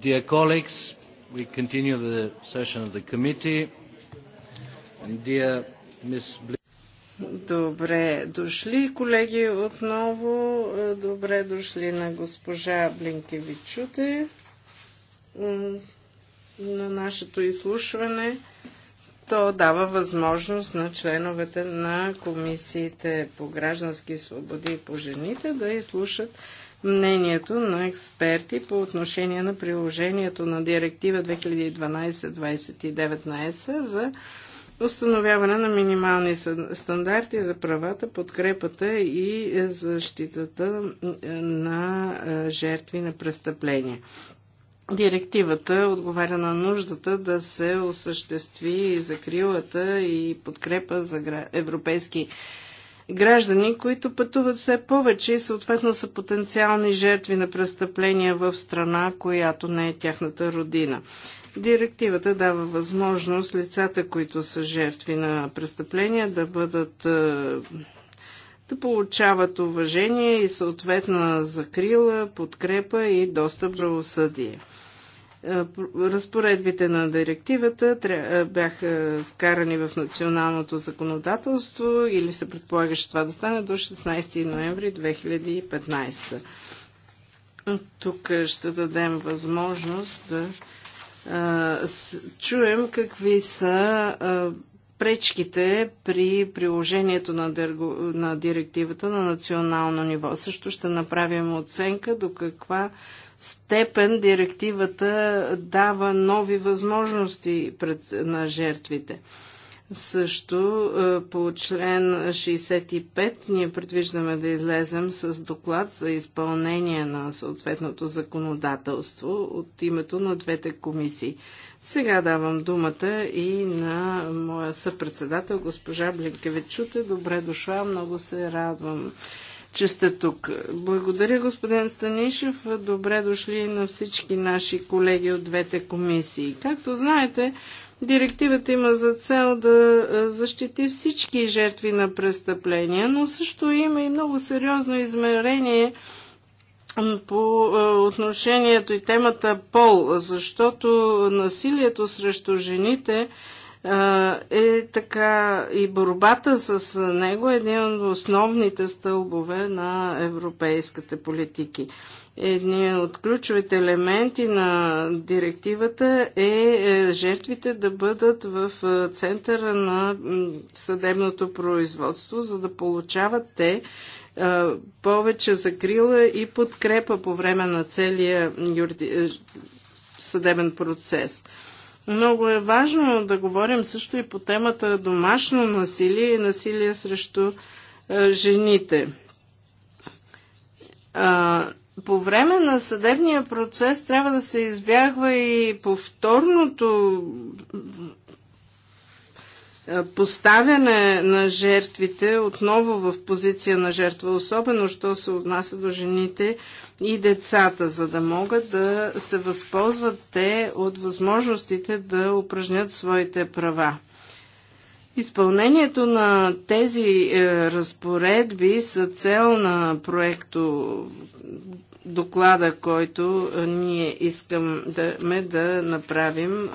Dear colleagues, we continue the session of the committee. And dear Ms. Добре дошли, колеги, отново. Добре дошли на госпожа Блинкевичуте на нашето изслушване. То дава възможност на членовете на комисиите по граждански свободи и по жените да изслушат мнението на експерти по отношение на приложението на директива 2012-29 на ЕС за установяване на минимални стандарти за правата, подкрепата и защитата на е, жертви на престъпления. Директивата отговаря на нуждата да се осъществи закрилата и подкрепа за европейски граждани, които пътуват все повече и съответно са потенциални жертви на престъпления в страна, която не е тяхната родина. Директивата дава възможност лицата, които са жертви на престъпления, да бъдат е, да получават уважение и съответна закрила, подкрепа и достъп до правосъдие. Е, разпоредбите на директивата е, бяха вкарани в националното законодателство или се предполагаше това да стане до 16 ноември 2015. Тук ще дадем възможност да е, чуем какви са пречките при приложението на директивата на национално ниво. Също ще направим оценка до каква степен директивата дава нови възможности пред, на жертвите. Също е, по член 65 ние предвиждаме да излезем с доклад за изпълнение на съответното законодателство от името на двете комисии. Сега давам думата и на моя съпредседател госпожа Блинкевичуте. Добре дошла, много се радвам, че сте тук. Благодаря, господин Станишев. Добре дошли на всички наши колеги от двете комисии. Както знаете, директивата има за цел да защити всички жертви на престъпления, но също има и много сериозно измерение по отношението и темата пол, защото насилието срещу жените е е така и борбата с него е един от основните стълбове на европейските политики. Един от ключовите елементи на директивата е, е жертвите да бъдат в е, центъра на съдебното производство, за да получават те е, повече закрила и подкрепа по време на целия юрди... съдебен процес. Много е важно да говорим също и по темата домашно насилие и насилие срещу е, жените. А, по време на съдебния процес трябва да се избягва и повторното е, поставяне на жертвите отново в позиция на жертва, особено що се отнася до жените и децата, за да могат да се възползват те от възможностите да упражнят своите права. Изпълнението на тези е, разпоредби са цел на проекто доклада, който е, ние искаме да, да направим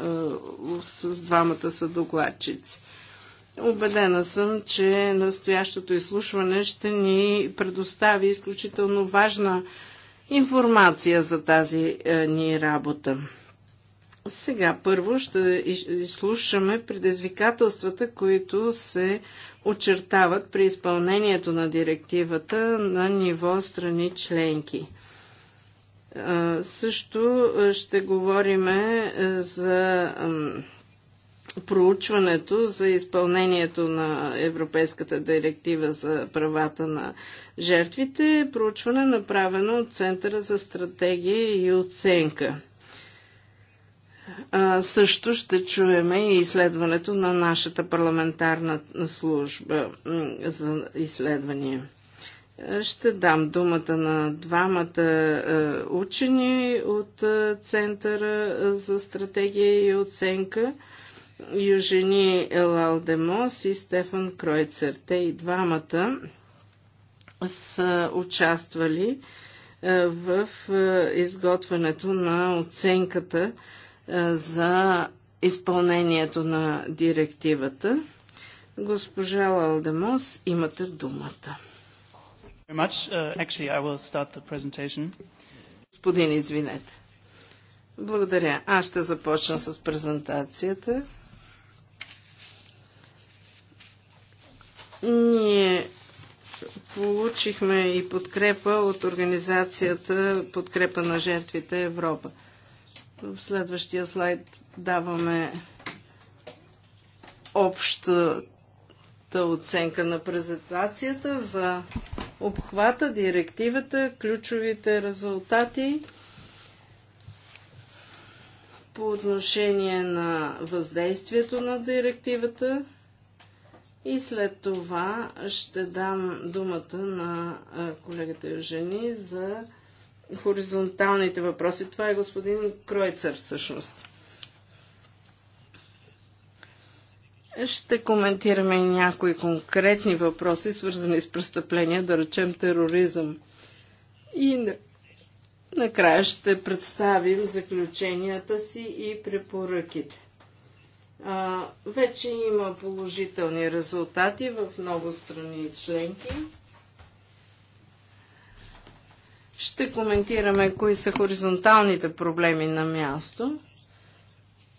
с двамата съдокладчици. Обедена съм, че настоящото изслушване ще ни предостави изключително важна информация за тази е, ни работа. Сега първо ще изслушаме предизвикателствата, които се очертават при изпълнението на директивата на ниво страни членки. Е, също е, ще говорим за проучването за изпълнението на Европейската директива за правата на жертвите е проучване направено от Центъра за стратегия и оценка. А, също ще чуеме и изследването на нашата парламентарна служба за изследвания. Ще дам думата на двамата учени от Центъра за стратегия и оценка – Южени Лалдемос и Стефан Кройцер. Те и двамата са участвали е, в е, изготвянето на оценката е, за изпълнението на директивата. Госпожа Лалдемос, имате думата. Uh, Господин, извинете. Благодаря. Аз ще започна с презентацията. Ние получихме и подкрепа от организацията Подкрепа на жертвите Европа. В следващия слайд даваме общата оценка на презентацията за обхвата, директивата, ключовите резултати по отношение на въздействието на директивата и след това ще дам думата на колегата Евжени за хоризонталните въпроси. Това е господин Кройцер всъщност. Ще коментираме и някои конкретни въпроси, свързани с престъпления, да речем тероризъм. И накрая ще представим заключенията си и препоръките. А, вече има положителни резултати в много страни и членки. Ще коментираме кои са хоризонталните проблеми на място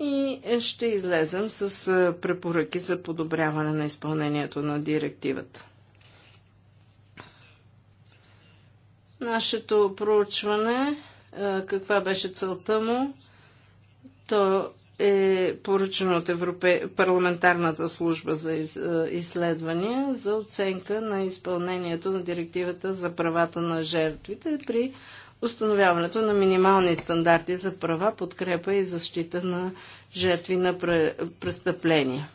и ще излезем с препоръки за подобряване на изпълнението на директивата. Нашето проучване, каква беше целта му, то е поръчено от Европе... парламентарната служба за из... Е, изследвания за оценка на изпълнението на директивата за правата на жертвите при установяването на минимални стандарти за права, подкрепа и защита на жертви на пр... престъпления.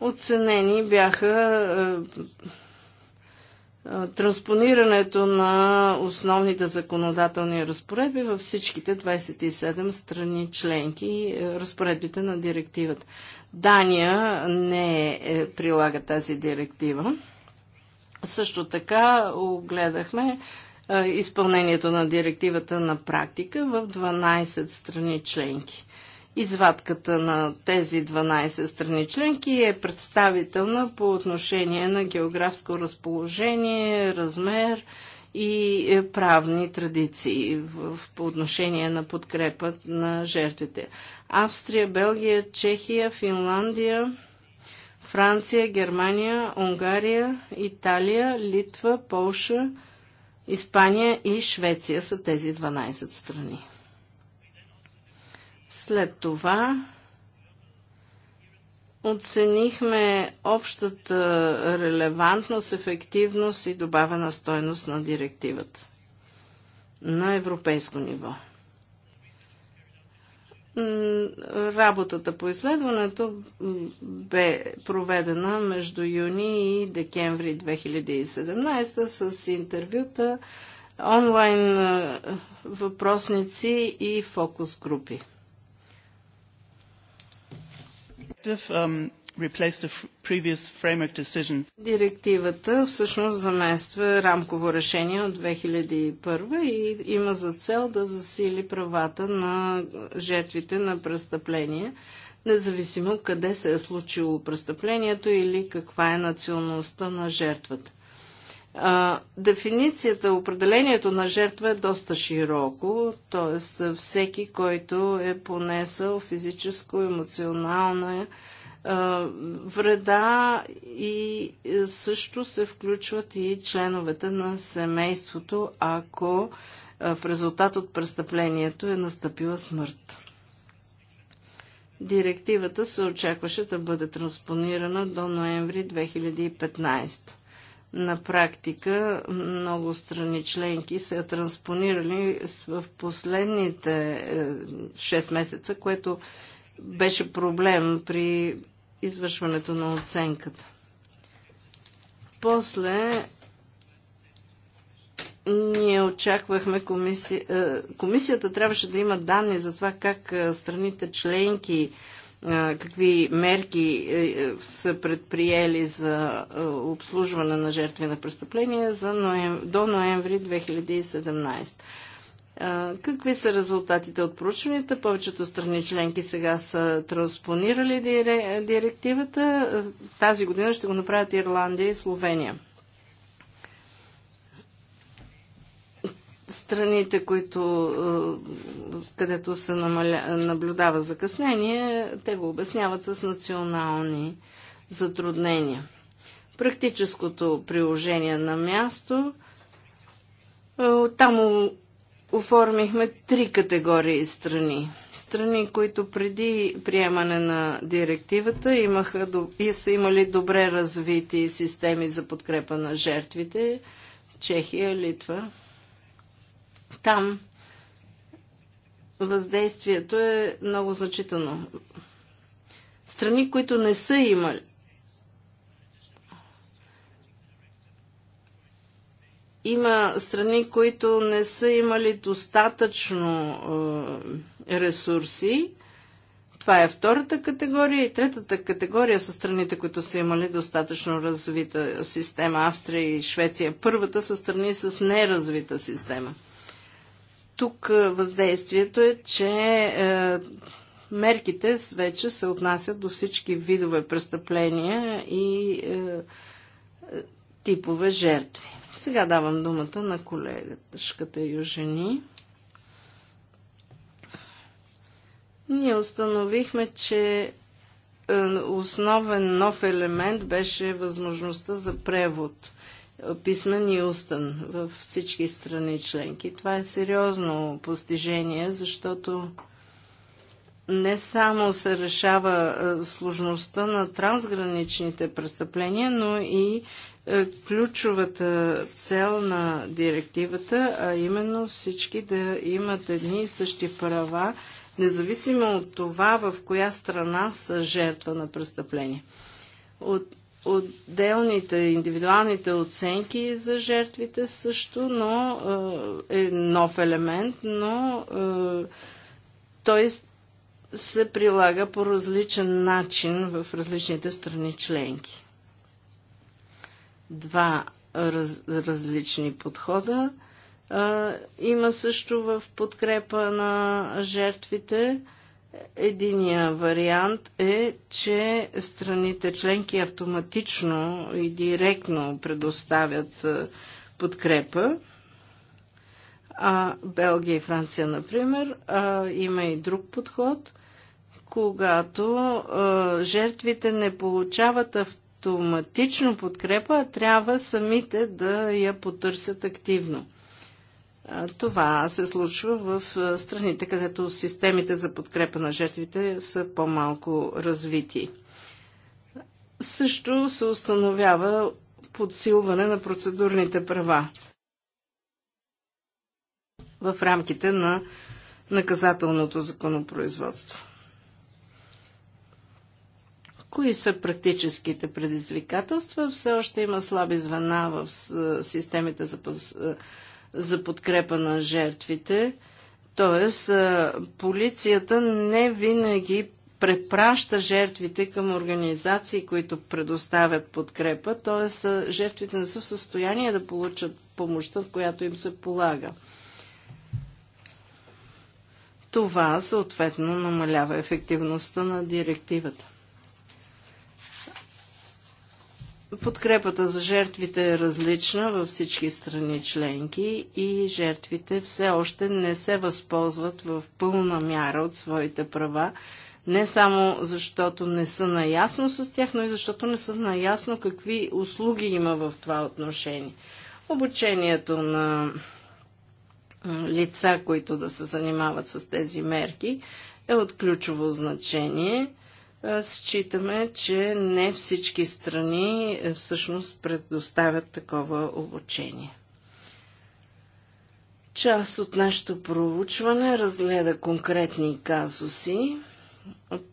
Оценени бяха е, транспонирането на основните законодателни разпоредби във всичките 27 страни членки, е, разпоредбите на директивата. Дания не е, е, прилага тази директива. Също така огледахме е, изпълнението на директивата на практика в 12 страни членки извадката на тези 12 страни членки е представителна по отношение на географско разположение, размер и е, правни традиции в, по отношение на подкрепа на жертвите. Австрия, Белгия, Чехия, Финландия, Франция, Германия, Унгария, Италия, Литва, Полша, Испания и Швеция са тези 12 страни. След това оценихме общата релевантност, ефективност и добавена стойност на директивата на европейско ниво. Работата по изследването бе проведена между юни и декември 2017 с интервюта, онлайн въпросници и фокус групи directive um, the previous framework decision. Директивата всъщност замества рамково решение от 2001 и има за цел да засили правата на жертвите на престъпления, независимо къде се е случило престъплението или каква е националността на жертвата дефиницията, определението на жертва е доста широко, т.е. всеки, който е понесъл физическо, емоционална е, вреда и е, също се включват и членовете на семейството, ако в резултат от престъплението е настъпила смърт. Директивата се очакваше да бъде транспонирана до ноември 2015. На практика много страни членки е транспонирали в последните 6 е, месеца, което беше проблем при извършването на оценката. После ние очаквахме комисия... Е, комисията трябваше да има данни за това как е, страните членки какви мерки е, е, са предприели за е, обслужване на жертви на престъпления за ноем... до ноември 2017. Какви са резултатите от проучванията? Повечето страни членки сега са транспонирали директивата. Тази година ще го направят Ирландия и Словения. страните, които, е, където се намаля, наблюдава закъснение, те го обясняват с национални затруднения. Практическото приложение на място, е, там оформихме три категории страни. Страни, които преди приемане на директивата имаха и са имали добре развити системи за подкрепа на жертвите. Чехия, Литва, там въздействието е много значително. Страни, които не са имали Има страни, които не са имали достатъчно е, ресурси. Това е втората категория. И третата категория са страните, които са имали достатъчно развита система. Австрия и Швеция. Първата са страни с неразвита система. Тук е, въздействието е, че е, мерките вече се отнасят до всички видове престъпления и е, е, типове жертви. Сега давам думата на колегата Южени. Ние установихме, че е, основен нов елемент беше възможността за превод писмен и устен във всички страни членки. Това е сериозно постижение, защото не само се решава е, сложността на трансграничните престъпления, но и е, ключовата цел на директивата, а именно всички да имат едни и същи права, независимо от това в коя страна са жертва на престъпление. От отделните, индивидуалните оценки за жертвите също, но е, е нов елемент, но е, той се прилага по различен начин в различните страни членки. Два раз, различни подхода. Е, има също в подкрепа на жертвите. Единия вариант е, че страните членки автоматично и директно предоставят е, подкрепа. А Белгия и Франция, например, има и друг подход, когато е, жертвите не получават автоматично подкрепа, а трябва самите да я потърсят активно. Това се случва в страните, където системите за подкрепа на жертвите са по-малко развити. Също се установява подсилване на процедурните права в рамките на наказателното законопроизводство. Кои са практическите предизвикателства? Все още има слаби звена в системите за за подкрепа на жертвите. Тоест, полицията не винаги препраща жертвите към организации, които предоставят подкрепа, т.е. жертвите не са в състояние да получат помощта, която им се полага. Това съответно намалява ефективността на директивата. Подкрепата за жертвите е различна във всички страни членки и жертвите все още не се възползват в пълна мяра от своите права, не само защото не са наясно с тях, но и защото не са наясно какви услуги има в това отношение. Обучението на лица, които да се занимават с тези мерки, е от ключово значение – Считаме, че не всички страни е, всъщност предоставят такова обучение. Част от нашето проучване разгледа конкретни казуси.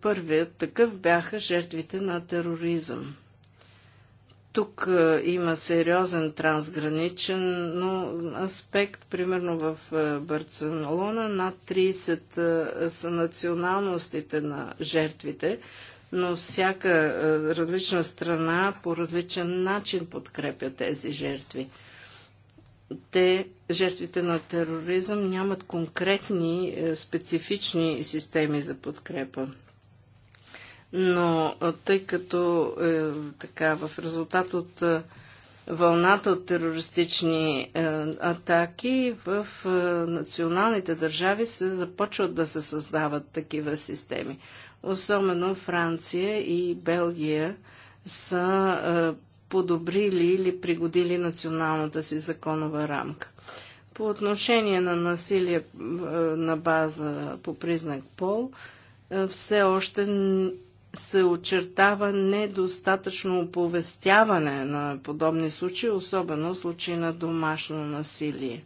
Първият такъв бяха жертвите на тероризъм. Тук е, има сериозен трансграничен но аспект. Примерно в е, Барселона над 30 е, са националностите на жертвите, но всяка различна страна по различен начин подкрепя тези жертви. Те, жертвите на тероризъм, нямат конкретни специфични системи за подкрепа но тъй като е, така в резултат от вълната от терористични е, атаки в е, националните държави се започват да се създават такива системи. Особено Франция и Белгия са е, подобрили или пригодили националната си законова рамка. По отношение на насилие е, на база по признак пол, е, все още се очертава недостатъчно оповестяване на подобни случаи, особено случаи на домашно насилие.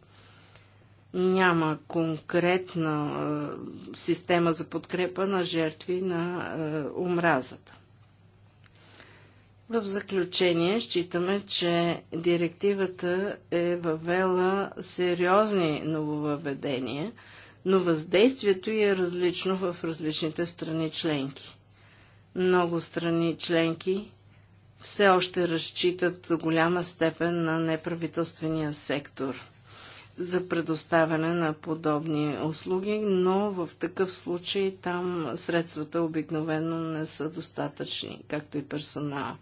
Няма конкретна е, система за подкрепа на жертви на е, омразата. В заключение считаме, че директивата е въвела сериозни нововъведения, но въздействието й е различно в различните страни членки. Много страни членки все още разчитат до голяма степен на неправителствения сектор за предоставяне на подобни услуги, но в такъв случай там средствата обикновено не са достатъчни, както и персонала.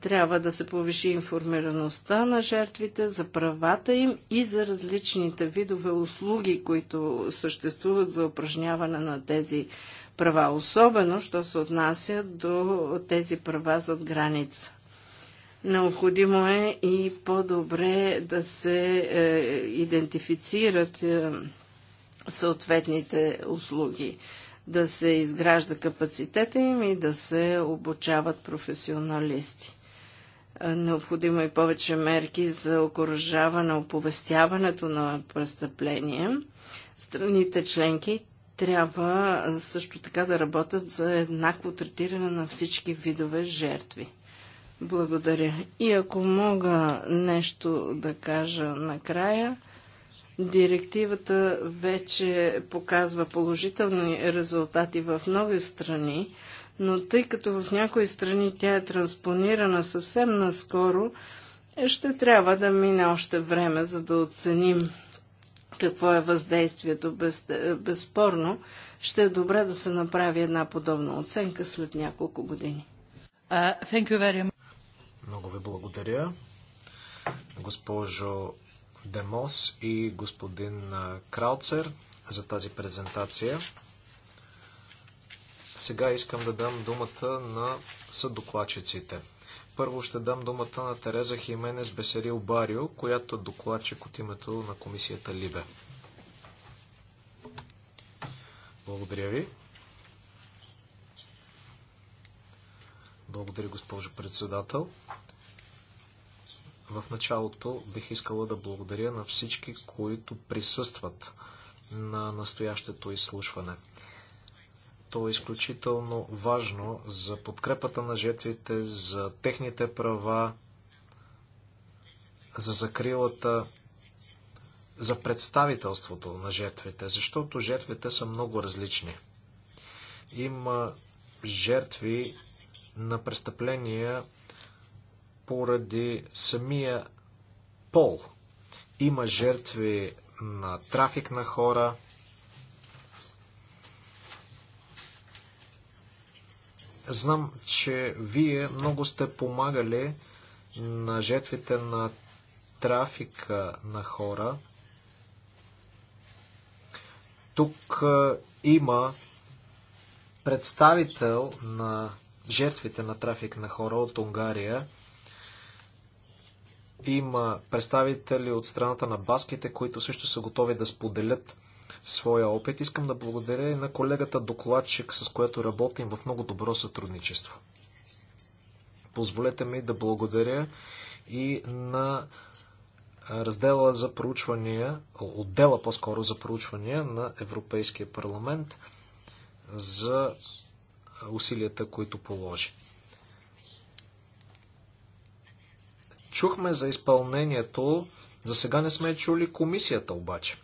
Трябва да се повиши информираността на жертвите за правата им и за различните видове услуги, които съществуват за упражняване на тези права, особено, що се отнася до тези права зад граница. Необходимо е и по-добре да се е, идентифицират е, съответните услуги, да се изгражда капацитета им и да се обучават професионалисти. Е, необходимо и е повече мерки за окоръжаване оповестяването на престъпления. Страните членки трябва също така да работят за еднакво третиране на всички видове жертви. Благодаря. И ако мога нещо да кажа накрая, директивата вече показва положителни резултати в много страни, но тъй като в някои страни тя е транспонирана съвсем наскоро, ще трябва да мине още време, за да оценим какво е въздействието. Без, безспорно ще е добре да се направи една подобна оценка след няколко години. Uh, Много ви благодаря, госпожо Демос и господин Крауцер за тази презентация. Сега искам да дам думата на съдокладчиците. Първо ще дам думата на Тереза Хименес Бесерил Барио, която е докладчик от името на комисията Либе. Благодаря ви. Благодаря, госпожо председател. В началото бих искала да благодаря на всички, които присъстват на настоящето изслушване. То е изключително важно за подкрепата на жертвите, за техните права, за закрилата, за представителството на жертвите, защото жертвите са много различни. Има жертви на престъпления поради самия пол. Има жертви на трафик на хора – Знам, че вие много сте помагали на жертвите на трафика на хора. Тук има представител на жертвите на трафик на хора от Унгария. Има представители от страната на баските, които също са готови да споделят своя опит. Искам да благодаря и на колегата докладчик, с която работим в много добро сътрудничество. Позволете ми да благодаря и на раздела за проучвания, отдела по-скоро за проучвания на Европейския парламент за усилията, които положи. Чухме за изпълнението, за сега не сме чули комисията обаче.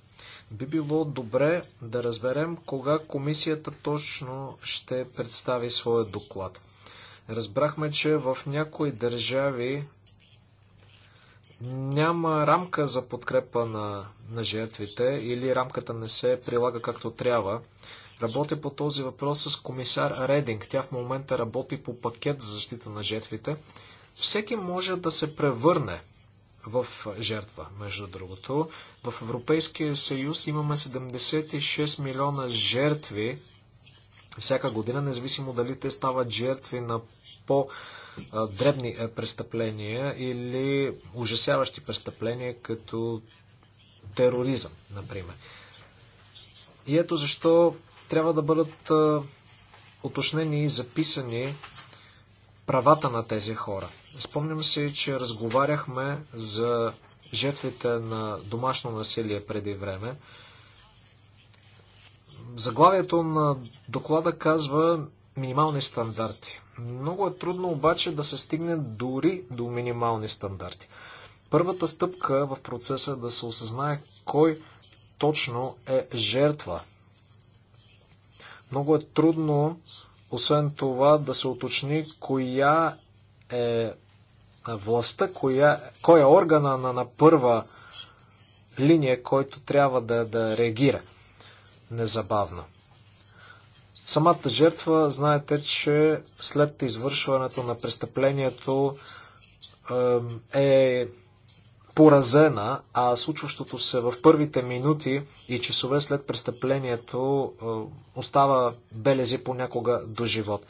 Би било добре да разберем кога комисията точно ще представи своя доклад. Разбрахме, че в някои държави няма рамка за подкрепа на, на жертвите или рамката не се прилага както трябва. Работя по този въпрос с комисар Рединг. Тя в момента работи по пакет за защита на жертвите. Всеки може да се превърне в жертва, между другото. В Европейския съюз имаме 76 милиона жертви всяка година, независимо дали те стават жертви на по- дребни е, престъпления или ужасяващи престъпления, като тероризъм, например. И ето защо трябва да бъдат е, уточнени и записани правата на тези хора. Спомням си, че разговаряхме за жертвите на домашно насилие преди време. Заглавието на доклада казва минимални стандарти. Много е трудно обаче да се стигне дори до минимални стандарти. Първата стъпка в процеса е да се осъзнае кой точно е жертва. Много е трудно освен това да се уточни коя е властта, коя, кой е органа на, на първа линия, който трябва да, да реагира незабавно. Самата жертва, знаете, че след извършването на престъплението е поразена, а случващото се в първите минути и часове след престъплението е, остава белези понякога до живот.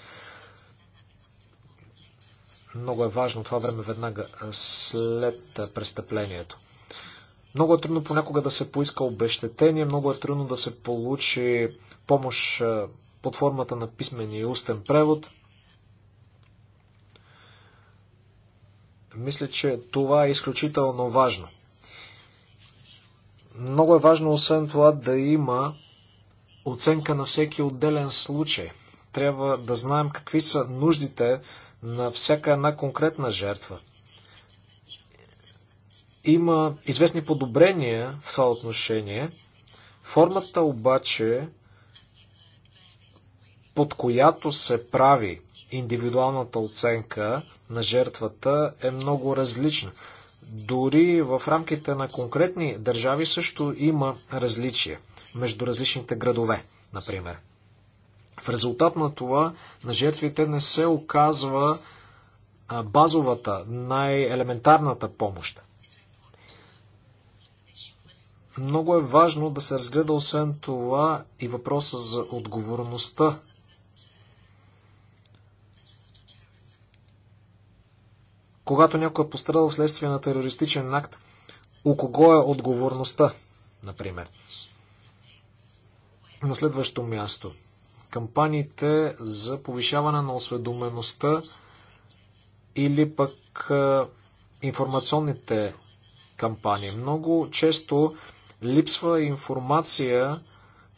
Много е важно това време веднага е, след е, престъплението. Много е трудно понякога да се поиска обещетение, много е трудно да се получи помощ под формата на писмен и устен превод – Мисля, че това е изключително важно. Много е важно, освен това, да има оценка на всеки отделен случай. Трябва да знаем какви са нуждите на всяка една конкретна жертва. Има известни подобрения в това отношение. Формата обаче, под която се прави индивидуалната оценка на жертвата е много различна. Дори в рамките на конкретни държави също има различия между различните градове, например. В резултат на това на жертвите не се оказва базовата, най-елементарната помощ. Много е важно да се разгледа освен това и въпроса за отговорността когато някой е пострадал вследствие на терористичен акт, у кого е отговорността, например. На следващо място. Кампаниите за повишаване на осведомеността или пък е, информационните кампании. Много често липсва информация,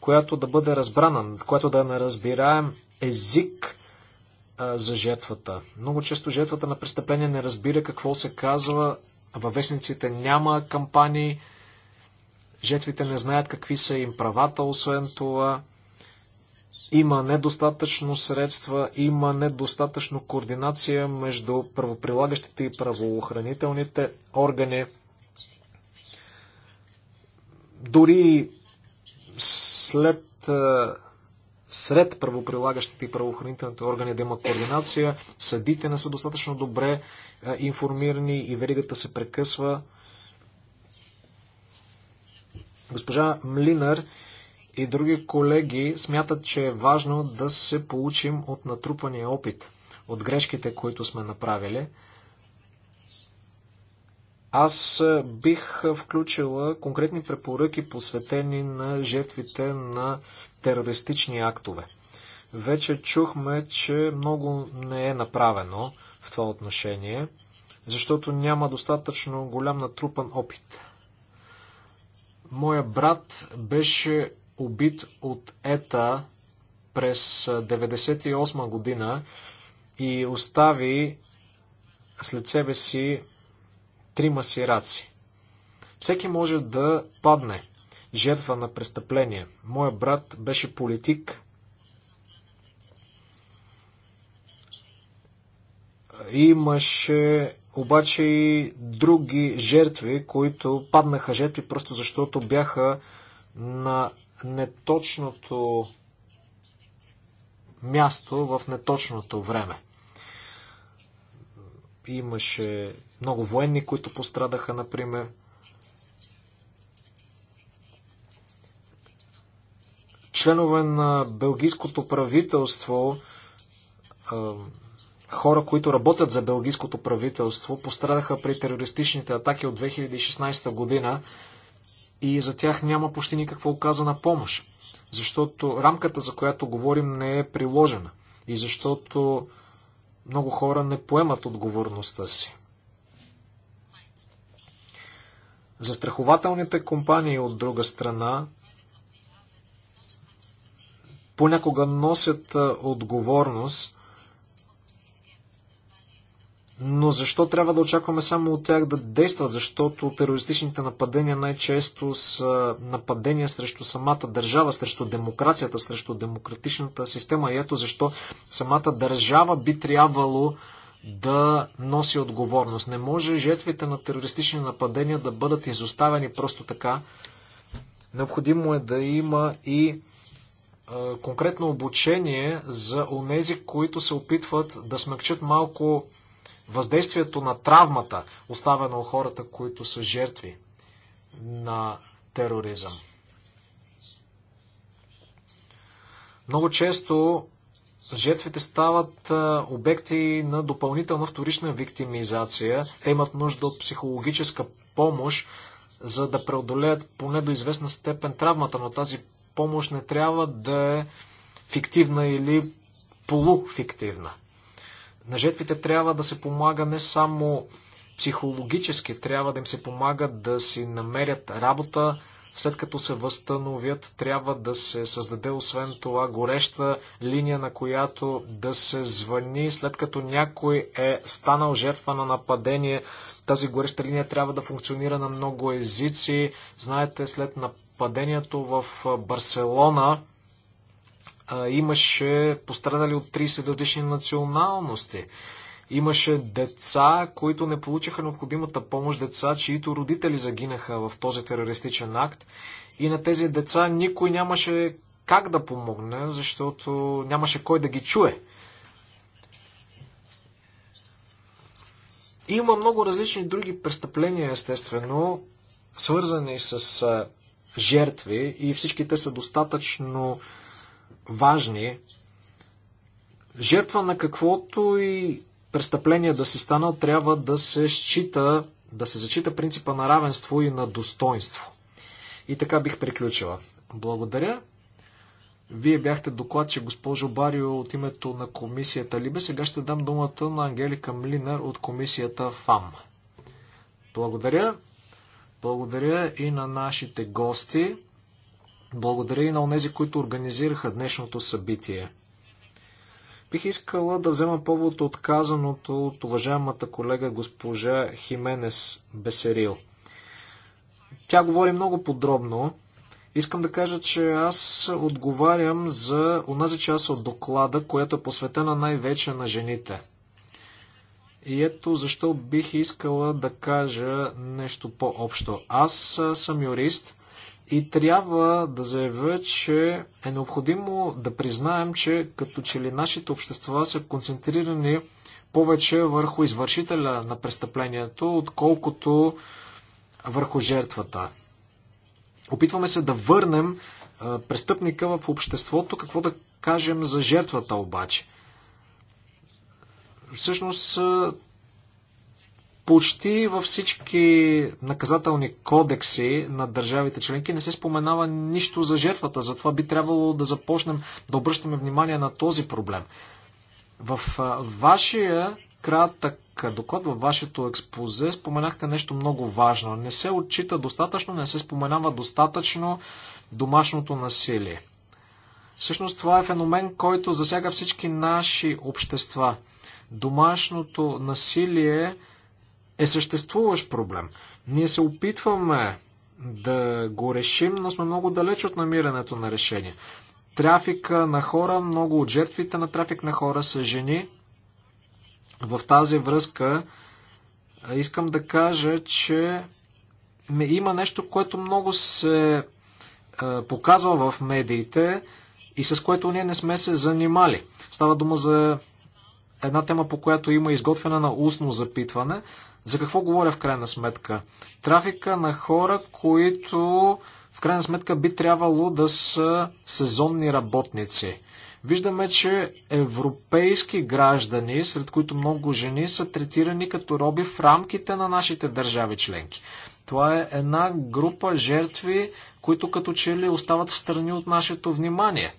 която да бъде разбрана, която да не разбираем език, за жетвата. Много често жетвата на престъпление не разбира какво се казва, във вестниците няма кампании, Жетвите не знаят какви са им правата, освен това има недостатъчно средства, има недостатъчно координация между правоприлагащите и правоохранителните органи. Дори след сред правоприлагащите и правоохранителните органи да има координация, съдите не са достатъчно добре е, информирани и веригата се прекъсва. Госпожа Млинар и други колеги смятат, че е важно да се получим от натрупания опит, от грешките, които сме направили. Аз бих включила конкретни препоръки, посветени на жертвите на терористични актове. Вече чухме, че много не е направено в това отношение, защото няма достатъчно голям натрупан опит. Моя брат беше убит от ЕТА през 1998 година и остави след себе си трима сираци. Всеки може да падне жертва на престъпление. Моя брат беше политик имаше обаче и други жертви, които паднаха жертви просто защото бяха на неточното място в неточното време. Имаше много военни, които пострадаха, например. Членове на белгийското правителство, хора, които работят за белгийското правителство, пострадаха при терористичните атаки от 2016 година и за тях няма почти никаква оказана помощ, защото рамката, за която говорим, не е приложена и защото много хора не поемат отговорността си. Застрахователните компании от друга страна понякога носят отговорност, но защо трябва да очакваме само от тях да действат? Защото терористичните нападения най-често са нападения срещу самата държава, срещу демокрацията, срещу демократичната система. И ето защо самата държава би трябвало да носи отговорност. Не може жертвите на терористични нападения да бъдат изоставени просто така. Необходимо е да има и е, конкретно обучение за онези, които се опитват да смъкчат малко въздействието на травмата, оставена от хората, които са жертви на тероризъм. Много често жертвите стават обекти на допълнителна вторична виктимизация. Те имат нужда от психологическа помощ, за да преодолеят поне до известна степен травмата, но тази помощ не трябва да е фиктивна или полуфиктивна. На жертвите трябва да се помага не само психологически, трябва да им се помага да си намерят работа, след като се възстановят, трябва да се създаде освен това гореща линия, на която да се звъни, след като някой е станал жертва на нападение. Тази гореща линия трябва да функционира на много езици. Знаете, след нападението в Барселона имаше пострадали от 30 различни националности. Имаше деца, които не получиха необходимата помощ, деца, чието родители загинаха в този терористичен акт. И на тези деца никой нямаше как да помогне, защото нямаше кой да ги чуе. Има много различни други престъпления, естествено, свързани с жертви и всички те са достатъчно важни. Жертва на каквото и престъпления да си станал, трябва да се счита, да се зачита принципа на равенство и на достоинство. И така бих приключила. Благодаря. Вие бяхте докладчик, госпожо Барио, от името на комисията Либе. Сега ще дам думата на Ангелика Млинар от комисията ФАМ. Благодаря. Благодаря и на нашите гости. Благодаря и на онези, които организираха днешното събитие. Бих искала да взема повод от казаното от уважаемата колега госпожа Хименес Бесерил. Тя говори много подробно. Искам да кажа, че аз отговарям за онази част от доклада, която е посветена най-вече на жените. И ето защо бих искала да кажа нещо по-общо. Аз съм юрист и трябва да заявя, че е необходимо да признаем, че като че ли нашите общества са концентрирани повече върху извършителя на престъплението, отколкото върху жертвата. Опитваме се да върнем престъпника в обществото. Какво да кажем за жертвата обаче? Всъщност почти във всички наказателни кодекси на държавите членки не се споменава нищо за жертвата. Затова би трябвало да започнем да обръщаме внимание на този проблем. В вашия кратък доклад, във вашето експозе споменахте нещо много важно. Не се отчита достатъчно, не се споменава достатъчно домашното насилие. Всъщност това е феномен, който засяга всички наши общества. Домашното насилие е съществуващ проблем. Ние се опитваме да го решим, но сме много далеч от намирането на решение. Трафика на хора, много от жертвите на трафик на хора са жени. В тази връзка искам да кажа, че има нещо, което много се показва в медиите и с което ние не сме се занимали. Става дума за една тема, по която има изготвена на устно запитване. За какво говоря в крайна сметка? Трафика на хора, които в крайна сметка би трябвало да са сезонни работници. Виждаме, че европейски граждани, сред които много жени, са третирани като роби в рамките на нашите държави членки. Това е една група жертви, които като че ли остават в страни от нашето внимание.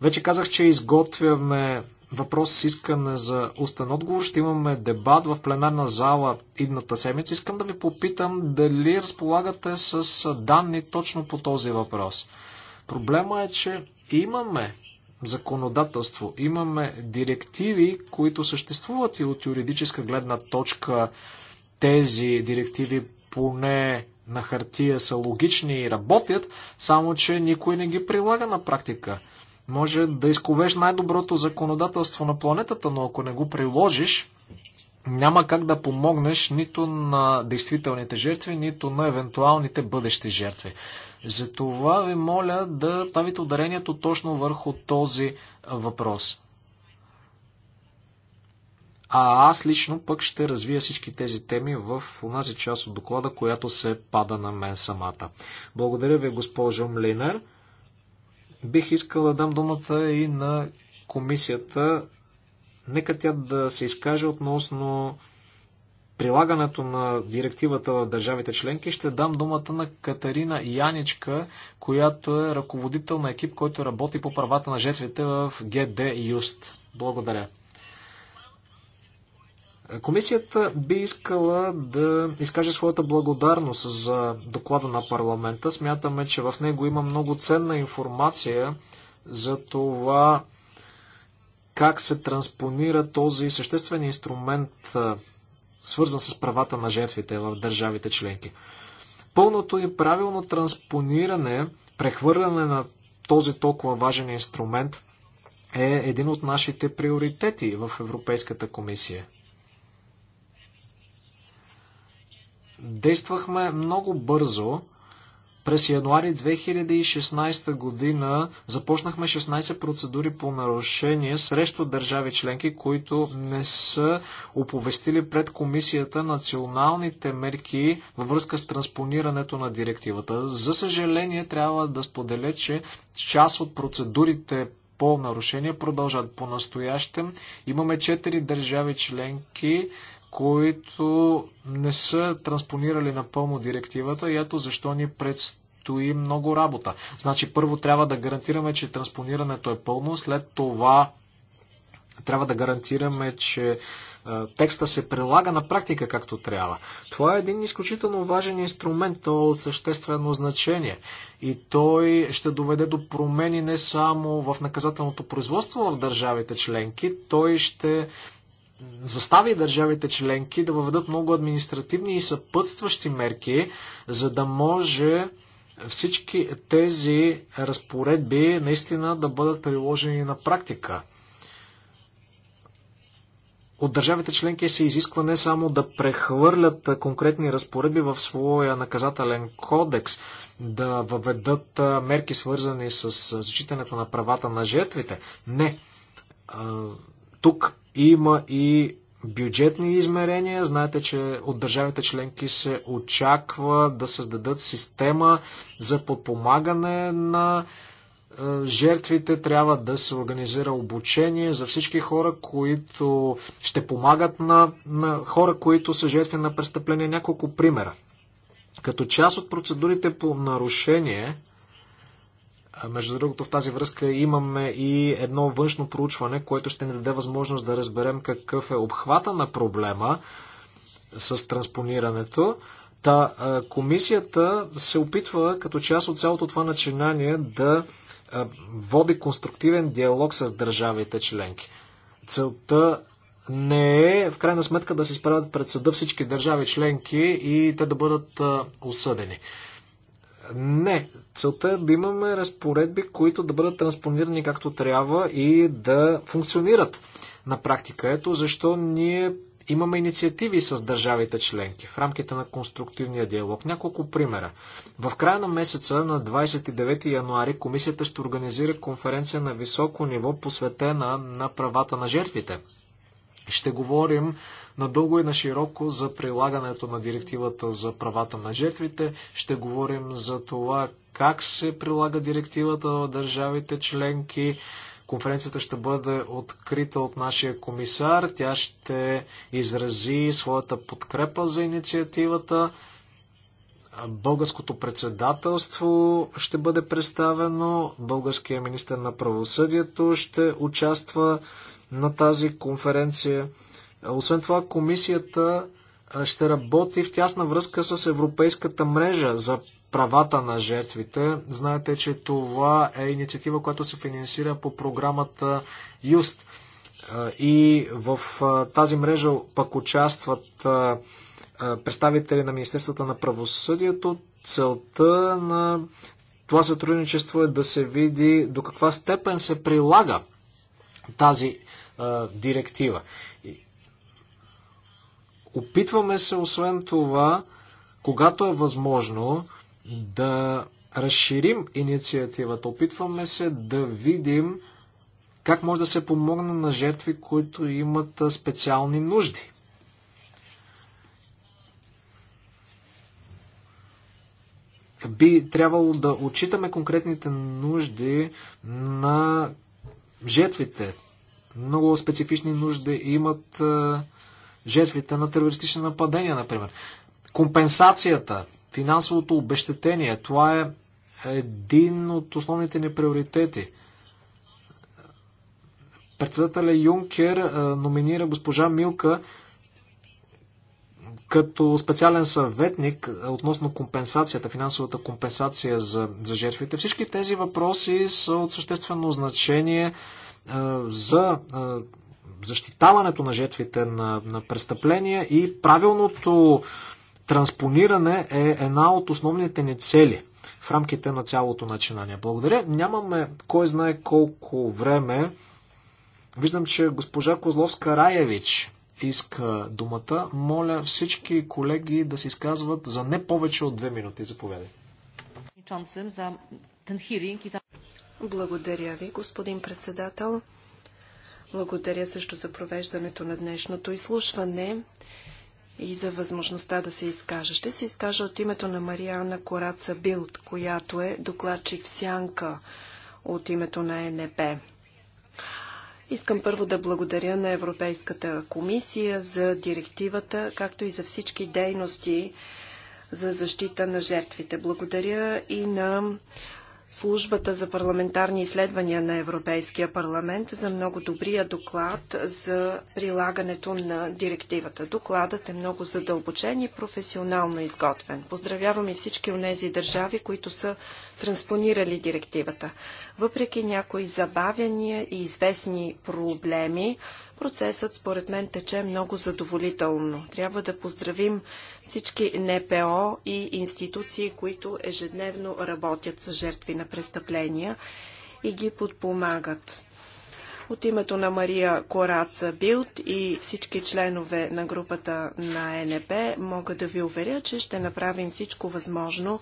Вече казах, че изготвяме въпрос с искане за устен отговор. Ще имаме дебат в пленарна зала идната седмица. Искам да ви попитам дали разполагате с данни точно по този въпрос. Проблема е, че имаме законодателство, имаме директиви, които съществуват и от юридическа гледна точка тези директиви поне на хартия са логични и работят, само че никой не ги прилага на практика. Може да изковеш най-доброто законодателство на планетата, но ако не го приложиш, няма как да помогнеш нито на действителните жертви, нито на евентуалните бъдещи жертви. Затова ви моля да правите ударението точно върху този въпрос. А аз лично пък ще развия всички тези теми в онази част от доклада, която се пада на мен самата. Благодаря ви, госпожо Млинер. Бих искал да дам думата и на комисията. Нека тя да се изкаже относно прилагането на директивата в държавите членки. Ще дам думата на Катерина Яничка, която е ръководител на екип, който работи по правата на жертвите в ГД Юст. Благодаря. Комисията би искала да изкаже своята благодарност за доклада на парламента. Смятаме, че в него има много ценна информация за това как се транспонира този съществен инструмент, свързан с правата на жертвите в държавите членки. Пълното и правилно транспониране, прехвърляне на този толкова важен инструмент е един от нашите приоритети в Европейската комисия. Действахме много бързо. През януари 2016 година започнахме 16 процедури по нарушение срещу държави членки, които не са оповестили пред комисията националните мерки във връзка с транспонирането на директивата. За съжаление, трябва да споделя, че част от процедурите по нарушение продължат по настоящем. Имаме 4 държави членки, които не са транспонирали напълно директивата и ето защо ни предстои много работа. Значи първо трябва да гарантираме, че транспонирането е пълно, след това трябва да гарантираме, че текста се прилага на практика както трябва. Това е един изключително важен инструмент, то е от съществено значение. И той ще доведе до промени не само в наказателното производство в държавите членки, той ще застави държавите членки да въведат много административни и съпътстващи мерки, за да може всички тези разпоредби наистина да бъдат приложени на практика. От държавите членки се изисква не само да прехвърлят конкретни разпоредби в своя наказателен кодекс, да въведат мерки свързани с зачитането на правата на жертвите. Не. Тук има и бюджетни измерения. Знаете, че от държавите членки се очаква да създадат система за подпомагане на е, жертвите. Трябва да се организира обучение за всички хора, които ще помагат на, на хора, които са жертви на престъпления. Няколко примера. Като част от процедурите по нарушение, между другото, в тази връзка имаме и едно външно проучване, което ще ни даде възможност да разберем какъв е обхвата на проблема с транспонирането. Та комисията се опитва като част от цялото това начинание да води конструктивен диалог с държавите членки. Целта не е в крайна сметка да се изправят пред съда всички държави членки и те да бъдат осъдени. Не, целта е да имаме разпоредби, които да бъдат транспонирани както трябва и да функционират на практика. Ето защо ние имаме инициативи с държавите членки в рамките на конструктивния диалог. Няколко примера. В края на месеца на 29 януари комисията ще организира конференция на високо ниво, посветена на правата на жертвите ще говорим надълго и на широко за прилагането на директивата за правата на жертвите. Ще говорим за това как се прилага директивата в държавите членки. Конференцията ще бъде открита от нашия комисар. Тя ще изрази своята подкрепа за инициативата. Българското председателство ще бъде представено. българския министр на правосъдието ще участва на тази конференция. Освен това, комисията ще работи в тясна връзка с Европейската мрежа за правата на жертвите. Знаете, че това е инициатива, която се финансира по програмата ЮСТ. И в тази мрежа пък участват представители на Министерствата на правосъдието. Целта на това сътрудничество е да се види до каква степен се прилага тази а, директива. Опитваме се, освен това, когато е възможно, да разширим инициативата. Опитваме се да видим как може да се помогне на жертви, които имат специални нужди. Би трябвало да отчитаме конкретните нужди на жертвите, много специфични нужди имат жертвите на терористични нападения, например. Компенсацията, финансовото обещетение, това е един от основните ни приоритети. Председателя Юнкер номинира госпожа Милка като специален съветник относно компенсацията, финансовата компенсация за, за жертвите. Всички тези въпроси са от съществено значение за защитаването на жертвите на, на престъпления и правилното транспониране е една от основните ни цели в рамките на цялото начинание. Благодаря. Нямаме кой знае колко време. Виждам, че госпожа Козловска Раевич иска думата. Моля всички колеги да се изказват за не повече от две минути. Заповядай. Благодаря ви, господин председател. Благодаря също за провеждането на днешното изслушване и за възможността да се изкажа. Ще се изкажа от името на Мариана Кораца Билд, която е докладчик в Сянка от името на ЕНП. Искам първо да благодаря на Европейската комисия за директивата, както и за всички дейности за защита на жертвите. Благодаря и на службата за парламентарни изследвания на Европейския парламент за много добрия доклад за прилагането на директивата. Докладът е много задълбочен и професионално изготвен. Поздравявам и всички от тези държави, които са транспонирали директивата. Въпреки някои забавяния и известни проблеми, Процесът според мен тече много задоволително. Трябва да поздравим всички НПО и институции, които ежедневно работят с жертви на престъпления и ги подпомагат. От името на Мария Кораца Билт и всички членове на групата на НП мога да ви уверя, че ще направим всичко възможно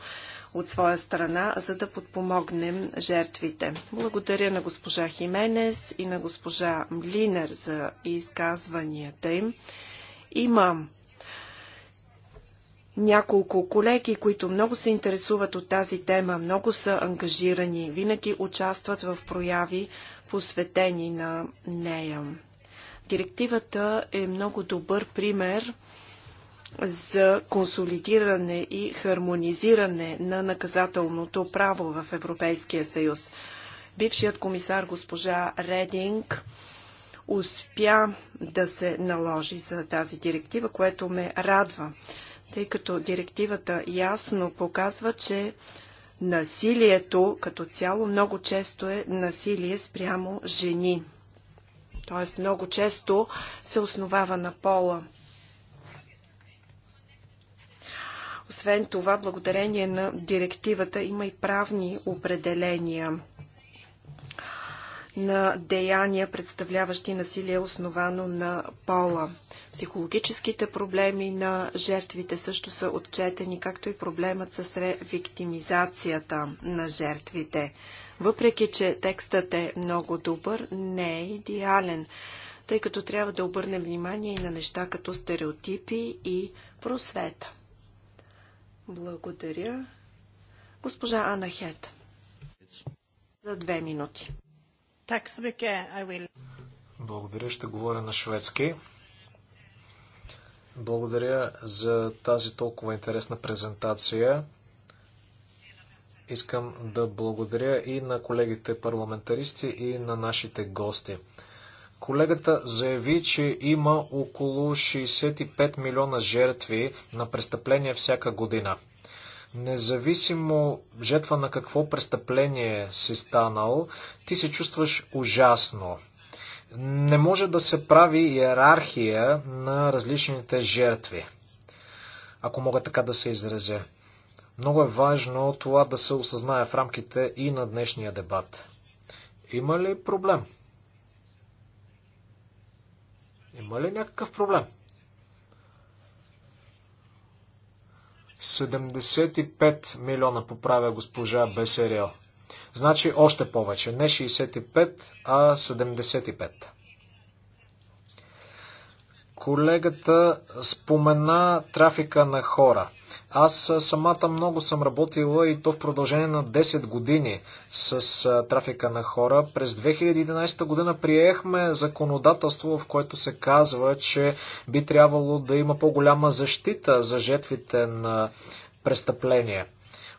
от своя страна, за да подпомогнем жертвите. Благодаря на госпожа Хименес и на госпожа Млинер за изказванията им. Имам няколко колеги, които много се интересуват от тази тема, много са ангажирани, винаги участват в прояви, посветени на нея. Директивата е много добър пример за консолидиране и хармонизиране на наказателното право в Европейския съюз. Бившият комисар госпожа Рединг успя да се наложи за тази директива, което ме радва, тъй като директивата ясно показва, че насилието като цяло много често е насилие спрямо жени. Тоест много често се основава на пола. Освен това, благодарение на директивата има и правни определения на деяния, представляващи насилие, основано на пола. Психологическите проблеми на жертвите също са отчетени, както и проблемът с ревиктимизацията на жертвите. Въпреки, че текстът е много добър, не е идеален, тъй като трябва да обърнем внимание и на неща като стереотипи и просвета. Благодаря. Госпожа Анна Хет. За две минути. Так, Благодаря, ще говоря на шведски. Благодаря за тази толкова интересна презентация. Искам да благодаря и на колегите парламентаристи, и на нашите гости. Колегата заяви, че има около 65 милиона жертви на престъпления всяка година. Независимо жертва на какво престъпление си станал, ти се чувстваш ужасно. Не може да се прави иерархия на различните жертви, ако мога така да се изразя. Много е важно това да се осъзнае в рамките и на днешния дебат. Има ли проблем? Има ли някакъв проблем? 75 милиона поправя госпожа Бесерио. Значи още повече. Не 65, а 75. Колегата спомена трафика на хора. Аз самата много съм работила и то в продължение на 10 години с трафика на хора. През 2011 година приехме законодателство, в което се казва, че би трябвало да има по-голяма защита за жертвите на престъпления.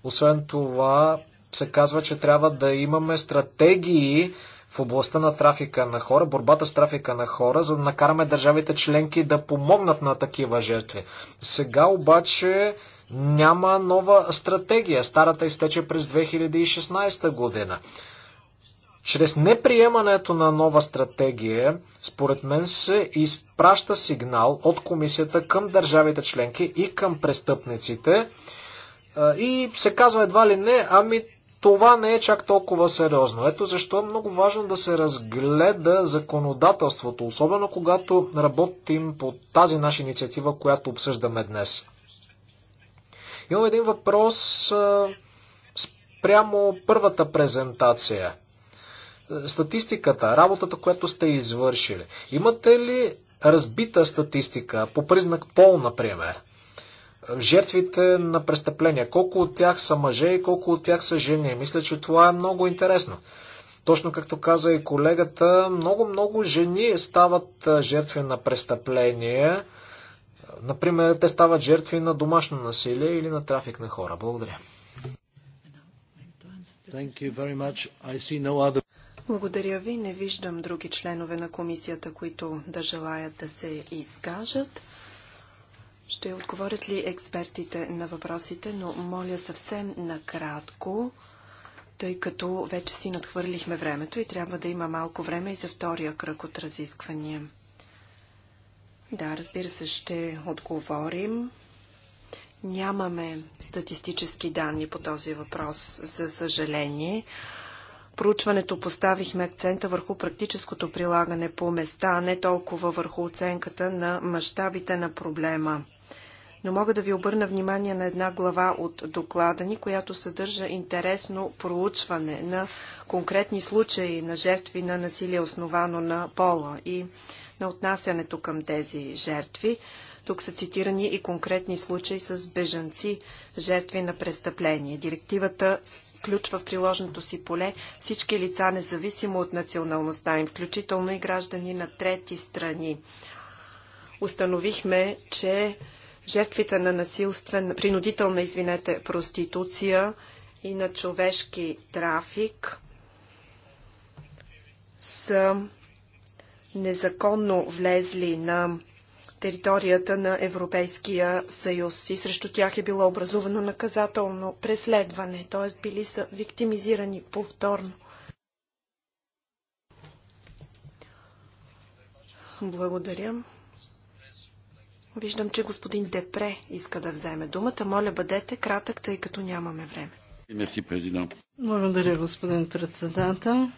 Освен това, се казва, че трябва да имаме стратегии в областта на трафика на хора, борбата с трафика на хора, за да накараме държавите членки да помогнат на такива жертви. Сега обаче няма нова стратегия. Старата изтече през 2016 година. Чрез неприемането на нова стратегия, според мен се изпраща сигнал от комисията към държавите членки и към престъпниците и се казва едва ли не, ами това не е чак толкова сериозно. Ето защо е много важно да се разгледа законодателството, особено когато работим по тази наша инициатива, която обсъждаме днес. Имам един въпрос спрямо първата презентация. Статистиката, работата, която сте извършили. Имате ли разбита статистика по признак пол, например? жертвите на престъпления. Колко от тях са мъже и колко от тях са жени. Мисля, че това е много интересно. Точно както каза и колегата, много-много жени стават жертви на престъпления. Например, те стават жертви на домашно насилие или на трафик на хора. Благодаря. Благодаря ви. Не виждам други членове на комисията, които да желаят да се изкажат. Ще отговорят ли експертите на въпросите, но моля съвсем накратко, тъй като вече си надхвърлихме времето и трябва да има малко време и за втория кръг от разисквания. Да, разбира се, ще отговорим. Нямаме статистически данни по този въпрос, за съжаление. Проучването поставихме акцента върху практическото прилагане по места, а не толкова върху оценката на мащабите на проблема но мога да ви обърна внимание на една глава от доклада ни, която съдържа интересно проучване на конкретни случаи на жертви на насилие основано на пола и на отнасянето към тези жертви. Тук са цитирани и конкретни случаи с бежанци, жертви на престъпление. Директивата включва в приложното си поле всички лица, независимо от националността им, включително и граждани на трети страни. Установихме, че жертвите на насилствен, принудителна, извинете, проституция и на човешки трафик са незаконно влезли на територията на Европейския съюз и срещу тях е било образувано наказателно преследване, т.е. били са виктимизирани повторно. Благодаря. Виждам, че господин Депре иска да вземе думата. Моля, бъдете кратък, тъй като нямаме време. Благодаря, господин председател.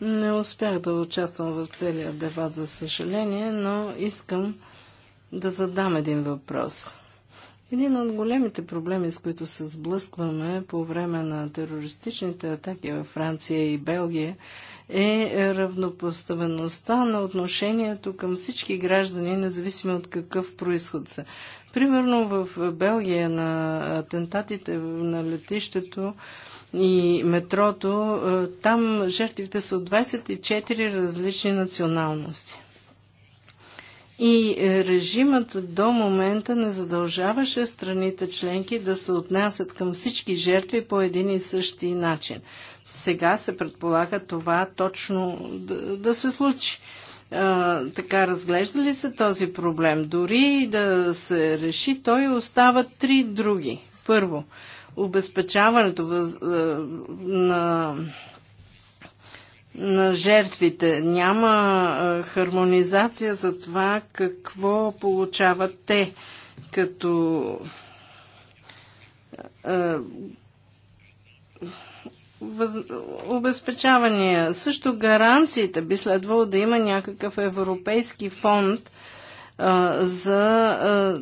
Не успях да участвам в целия дебат, за съжаление, но искам да задам един въпрос. Един от големите проблеми, с които се сблъскваме по време на терористичните атаки във Франция и Белгия, е равнопоставеността на отношението към всички граждани, независимо от какъв происход са. Примерно в Белгия на атентатите на летището и метрото, е, там жертвите са от 24 различни националности. И е, режимът до момента не задължаваше страните членки да се отнасят към всички жертви по един и същи начин. Сега се предполага това точно да, да се случи. А, така разглежда ли се този проблем? Дори да се реши, той остава три други. Първо, обезпечаването въз, е, на на жертвите. Няма хармонизация за това какво получават те като въз... обезпечавания. Също гаранциите би следвало да има някакъв европейски фонд а, за а,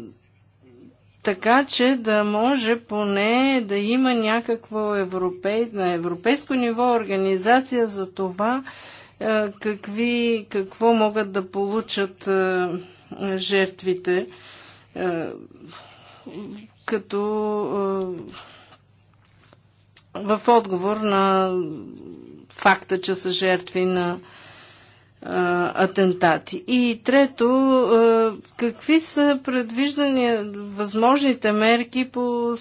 така че да може поне да има някакво европей, на европейско ниво организация за това е, какви, какво могат да получат е, жертвите е, като в отговор на факта, че са жертви на атентати. И трето, какви са предвиждания, възможните мерки по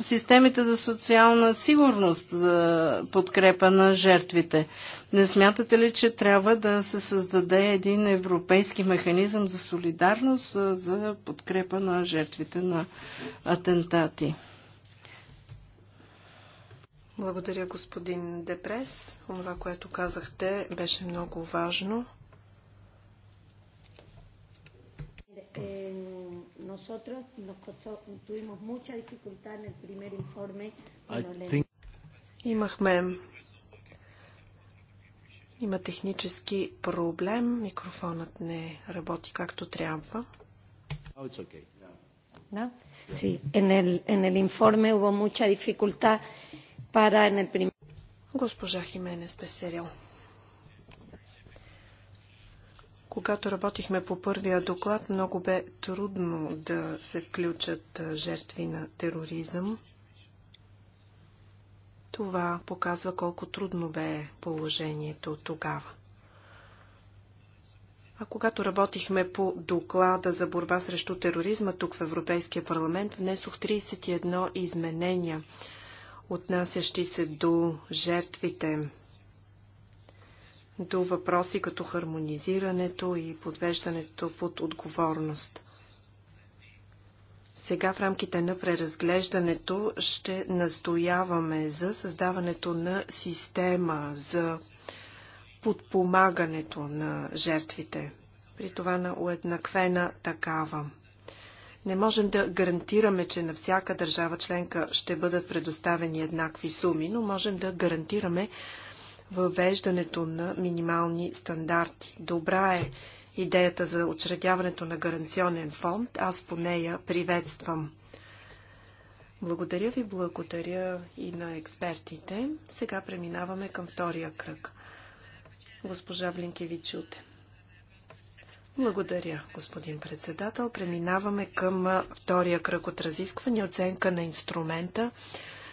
системите за социална сигурност за подкрепа на жертвите? Не смятате ли, че трябва да се създаде един европейски механизъм за солидарност за подкрепа на жертвите на атентати? Благодаря, господин Депрес. Това, което казахте, беше много важно. Е, nosotros nos costó, tuvimos mucha dificultad en el primer informe. Think... Имахме има технически проблем. Микрофонът не работи както трябва. Oh, it's okay. no? Sí, en el, en el informe hubo mucha dificultad para en el primer... Госпожа Хименес Бесерил. Когато работихме по първия доклад, много бе трудно да се включат жертви на тероризъм. Това показва колко трудно бе положението тогава. А когато работихме по доклада за борба срещу тероризма тук в Европейския парламент, внесох 31 изменения – отнасящи се до жертвите, до въпроси като хармонизирането и подвеждането под отговорност. Сега в рамките на преразглеждането ще настояваме за създаването на система за подпомагането на жертвите, при това на уеднаквена такава. Не можем да гарантираме, че на всяка държава членка ще бъдат предоставени еднакви суми, но можем да гарантираме въвеждането на минимални стандарти. Добра е идеята за учредяването на гаранционен фонд. Аз по нея приветствам. Благодаря ви, благодаря и на експертите. Сега преминаваме към втория кръг. Госпожа Блинкевич Блинкевичуте. Благодаря, господин председател. Преминаваме към втория кръг от разискване оценка на инструмента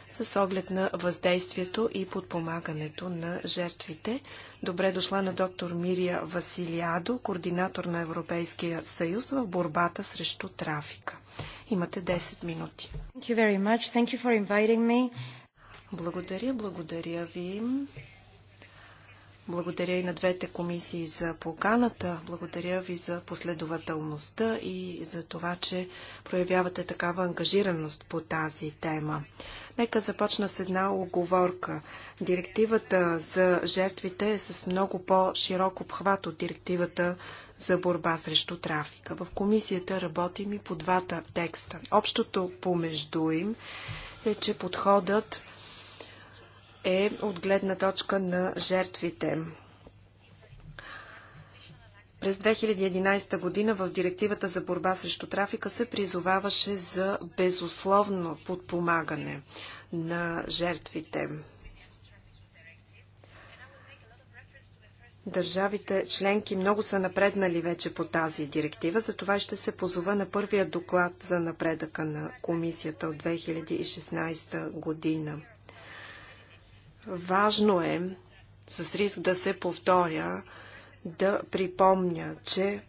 с оглед на въздействието и подпомагането на жертвите. Добре дошла на доктор Мирия Василиадо, координатор на Европейския съюз в борбата срещу трафика. Имате 10 минути. Благодаря, благодаря ви благодаря и на двете комисии за поканата. Благодаря ви за последователността и за това, че проявявате такава ангажираност по тази тема. Нека започна с една оговорка. Директивата за жертвите е с много по-широк обхват от директивата за борба срещу трафика. В комисията работим и по двата текста. Общото помежду им е, че подходът е от гледна точка на жертвите. През 2011 година в Директивата за борба срещу трафика се призоваваше за безусловно подпомагане на жертвите. Държавите членки много са напреднали вече по тази директива, затова ще се позова на първия доклад за напредъка на комисията от 2016 година. Важно е, с риск да се повторя, да припомня, че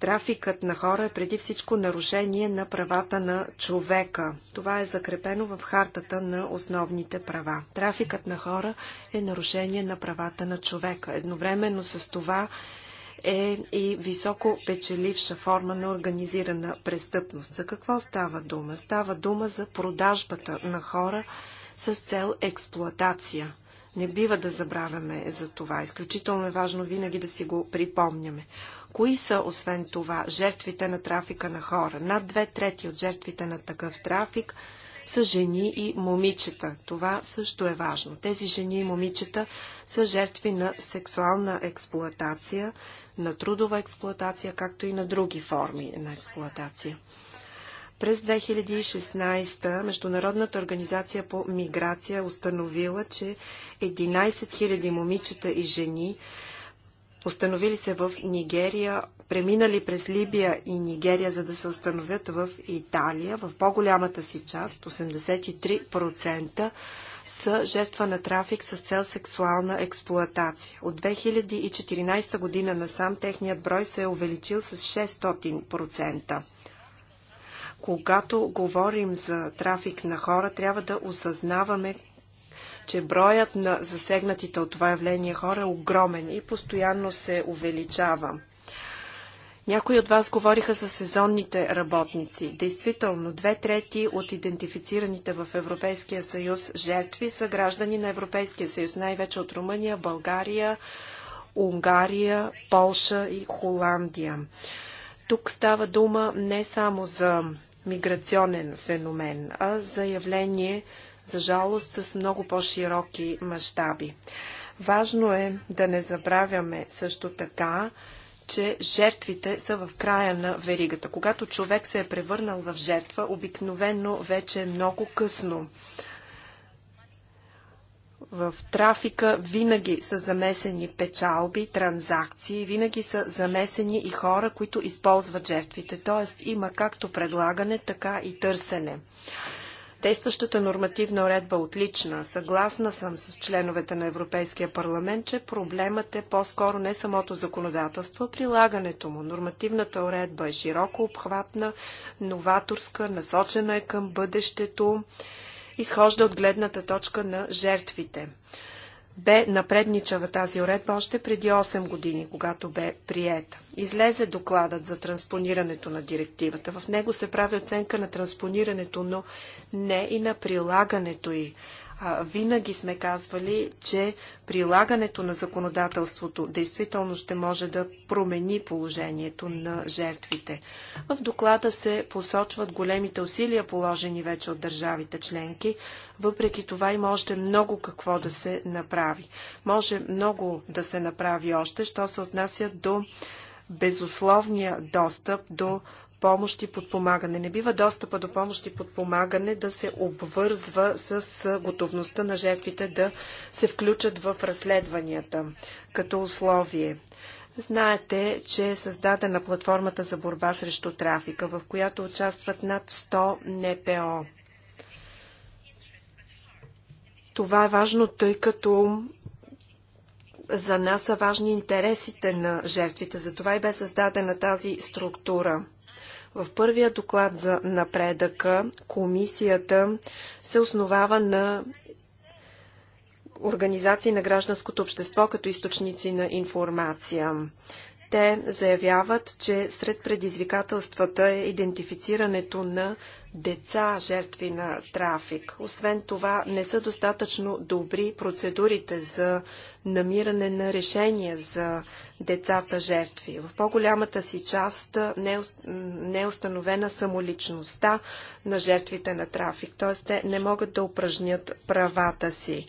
трафикът на хора е преди всичко нарушение на правата на човека. Това е закрепено в хартата на основните права. Трафикът на хора е нарушение на правата на човека. Едновременно с това е и високо печеливша форма на организирана престъпност. За какво става дума? Става дума за продажбата на хора, с цел експлоатация. Не бива да забравяме за това. Изключително е важно винаги да си го припомняме. Кои са, освен това, жертвите на трафика на хора? Над две трети от жертвите на такъв трафик са жени и момичета. Това също е важно. Тези жени и момичета са жертви на сексуална експлоатация, на трудова експлоатация, както и на други форми на експлоатация. През 2016 Международната организация по миграция е установила, че 11 000 момичета и жени установили се в Нигерия, преминали през Либия и Нигерия, за да се установят в Италия, в по-голямата си част, 83%, са жертва на трафик с цел сексуална експлоатация. От 2014 година насам техният брой се е увеличил с 600%. Когато говорим за трафик на хора, трябва да осъзнаваме че броят на засегнатите от това явление хора е огромен и постоянно се увеличава. Някои от вас говориха за сезонните работници. Действително, две трети от идентифицираните в Европейския съюз жертви са граждани на Европейския съюз, най-вече от Румъния, България, Унгария, Полша и Холандия. Тук става дума не само за миграционен феномен, а заявление за жалост с много по-широки мащаби. Важно е да не забравяме също така, че жертвите са в края на веригата. Когато човек се е превърнал в жертва, обикновено вече е много късно. В трафика винаги са замесени печалби, транзакции, винаги са замесени и хора, които използват жертвите. Тоест има както предлагане, така и търсене. Действащата нормативна уредба е отлична. Съгласна съм с членовете на Европейския парламент, че проблемът е по-скоро не самото законодателство, а прилагането му. Нормативната уредба е широко обхватна, новаторска, насочена е към бъдещето изхожда от гледната точка на жертвите. Бе напредничава тази уредба още преди 8 години, когато бе приета. Излезе докладът за транспонирането на директивата. В него се прави оценка на транспонирането, но не и на прилагането й винаги сме казвали, че прилагането на законодателството действително ще може да промени положението на жертвите. В доклада се посочват големите усилия, положени вече от държавите членки. Въпреки това има още много какво да се направи. Може много да се направи още, що се отнася до безусловния достъп до помощ и подпомагане. Не бива достъпа до помощ и подпомагане да се обвързва с готовността на жертвите да се включат в разследванията като условие. Знаете, че е създадена платформата за борба срещу трафика, в която участват над 100 НПО. Това е важно, тъй като за нас са важни интересите на жертвите. Затова и бе създадена тази структура. В първия доклад за напредъка комисията се основава на организации на гражданското общество като източници на информация. Те заявяват, че сред предизвикателствата е идентифицирането на деца, жертви на трафик. Освен това, не са достатъчно добри процедурите за намиране на решения за децата жертви. В по-голямата си част е не е установена самоличността на жертвите на трафик, т.е. те не могат да упражнят правата си.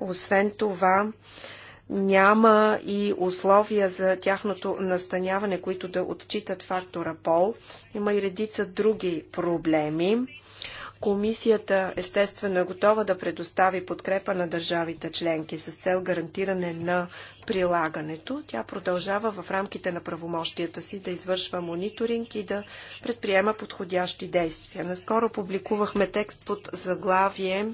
Освен това, няма и условия за тяхното настаняване, които да отчитат фактора пол. Има и редица други проблеми. Комисията естествено е готова да предостави подкрепа на държавите членки с цел гарантиране на прилагането. Тя продължава в рамките на правомощията си да извършва мониторинг и да предприема подходящи действия. Наскоро публикувахме текст под заглавие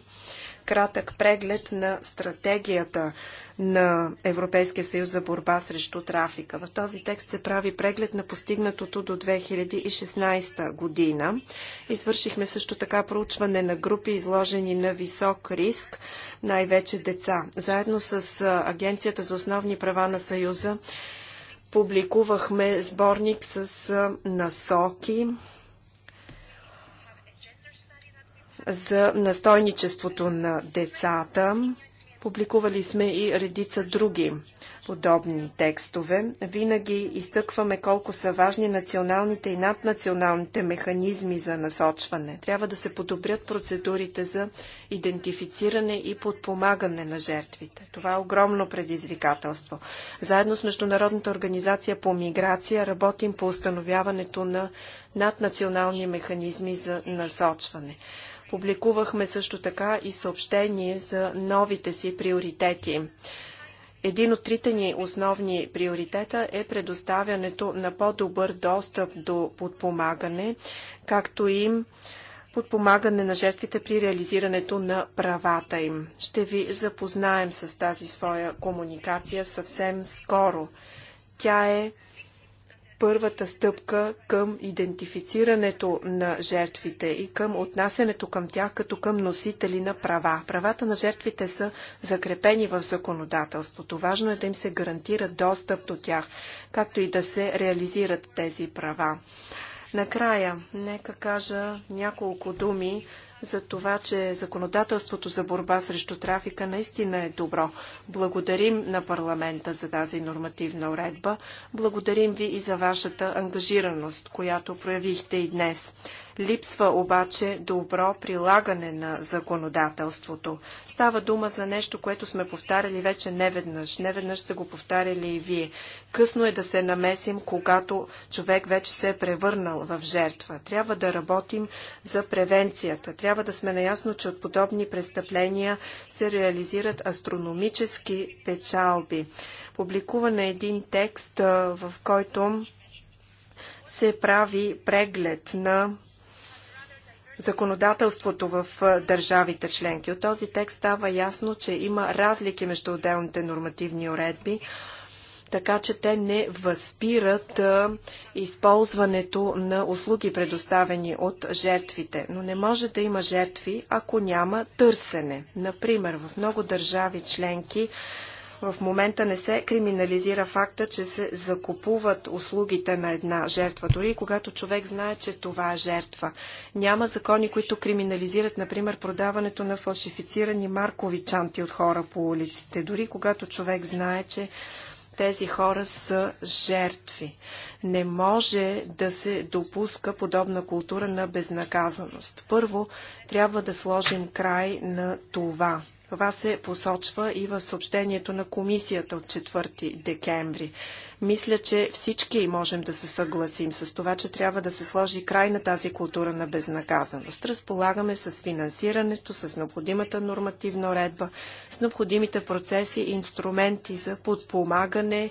кратък преглед на стратегията на Европейския съюз за борба срещу трафика. В този текст се прави преглед на постигнатото до 2016 година. Извършихме също така проучване на групи, изложени на висок риск, най-вече деца. Заедно с Агенцията за основни права на Съюза публикувахме сборник с насоки за настойничеството на децата. Публикували сме и редица други подобни текстове. Винаги изтъкваме колко са важни националните и наднационалните механизми за насочване. Трябва да се подобрят процедурите за идентифициране и подпомагане на жертвите. Това е огромно предизвикателство. Заедно с Международната организация по миграция работим по установяването на наднационални механизми за насочване. Публикувахме също така и съобщение за новите си приоритети. Един от трите ни основни приоритета е предоставянето на по-добър достъп до подпомагане, както и подпомагане на жертвите при реализирането на правата им. Ще ви запознаем с тази своя комуникация съвсем скоро. Тя е първата стъпка към идентифицирането на жертвите и към отнасянето към тях като към носители на права. Правата на жертвите са закрепени в законодателството. Важно е да им се гарантира достъп до тях, както и да се реализират тези права. Накрая, нека кажа няколко думи за това, че законодателството за борба срещу трафика наистина е добро. Благодарим на парламента за тази нормативна уредба. Благодарим ви и за вашата ангажираност, която проявихте и днес. Липсва обаче добро прилагане на законодателството. Става дума за нещо, което сме повтаряли вече неведнъж. Неведнъж сте го повтаряли и вие. Късно е да се намесим, когато човек вече се е превърнал в жертва. Трябва да работим за превенцията. Трябва да сме наясно, че от подобни престъпления се реализират астрономически печалби. Публикуван е един текст, в който се прави преглед на законодателството в държавите членки. От този текст става ясно, че има разлики между отделните нормативни уредби, така че те не възпират използването на услуги, предоставени от жертвите. Но не може да има жертви, ако няма търсене. Например, в много държави членки в момента не се криминализира факта, че се закупуват услугите на една жертва, дори когато човек знае, че това е жертва. Няма закони, които криминализират, например, продаването на фалшифицирани маркови чанти от хора по улиците, дори когато човек знае, че тези хора са жертви. Не може да се допуска подобна култура на безнаказаност. Първо, трябва да сложим край на това. Това се посочва и в съобщението на комисията от 4 декември. Мисля, че всички можем да се съгласим с това, че трябва да се сложи край на тази култура на безнаказаност. Разполагаме с финансирането, с необходимата нормативна редба, с необходимите процеси и инструменти за подпомагане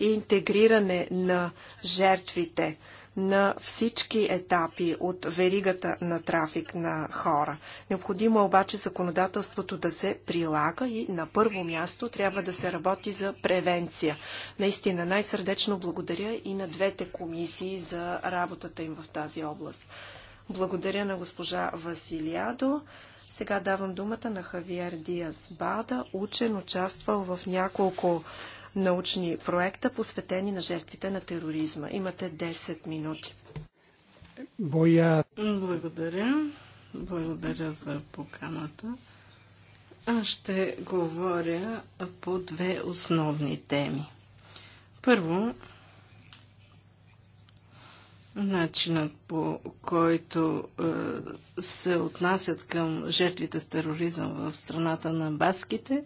и интегриране на жертвите на всички етапи от веригата на трафик на хора. Необходимо е обаче законодателството да се прилага и на първо място трябва да се работи за превенция. Наистина най-сърдечно благодаря и на двете комисии за работата им в тази област. Благодаря на госпожа Василиадо. Сега давам думата на Хавиер Диас Бада, учен, участвал в няколко научни проекта, посветени на жертвите на тероризма. Имате 10 минути. Боя. Благодаря. Благодаря за поканата. Аз ще говоря по две основни теми. Първо, начинът по който е, се отнасят към жертвите с тероризъм в страната на баските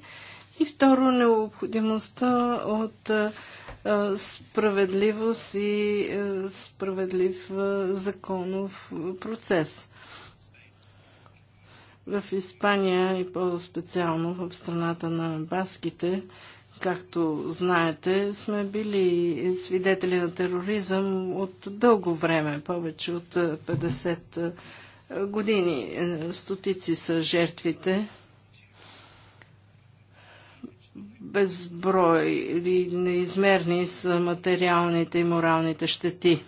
и второ, необходимостта от справедливост и справедлив законов процес. В Испания и по-специално в страната на баските, както знаете, сме били свидетели на тероризъм от дълго време, повече от 50 години. Е, стотици са жертвите безброй или неизмерни са материалните и моралните щети.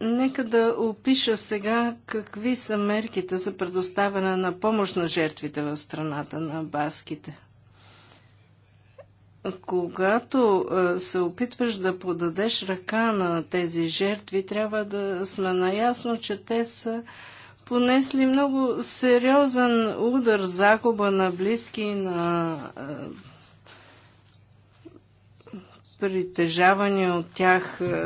Нека да опиша сега какви са мерките за предоставяне на помощ на жертвите в страната на баските. Когато е, се опитваш да подадеш ръка на тези жертви, трябва да сме наясно, че те са понесли много сериозен удар, загуба на близки, на е, притежавани от тях е,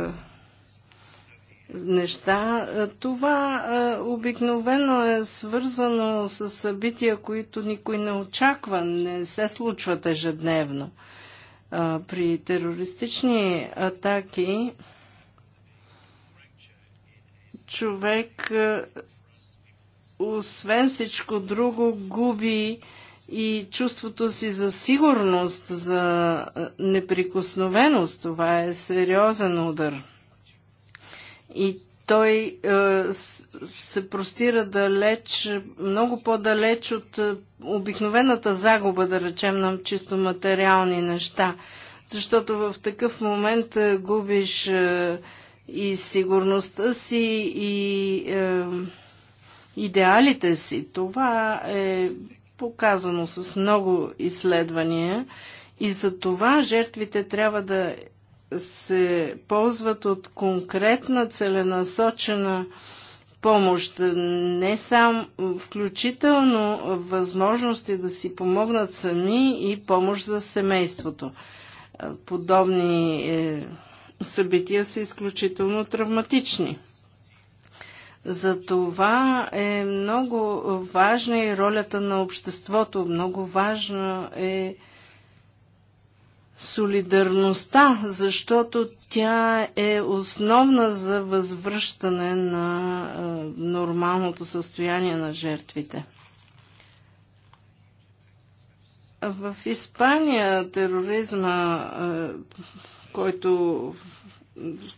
неща. Е, това е, обикновено е свързано с събития, които никой не очаква, не се случват ежедневно. Е, при терористични атаки човек е, освен всичко друго, губи и чувството си за сигурност, за неприкосновеност. Това е сериозен удар. И той е, се простира далеч, много по-далеч от обикновената загуба, да речем, на чисто материални неща. Защото в такъв момент е, губиш е, и сигурността си, и. Е, идеалите си. Това е показано с много изследвания и за това жертвите трябва да се ползват от конкретна целенасочена помощ, не само включително възможности да си помогнат сами и помощ за семейството. Подобни е, събития са изключително травматични. За това е много важна и ролята на обществото. Много важна е солидарността, защото тя е основна за възвръщане на нормалното състояние на жертвите. В Испания тероризма, който,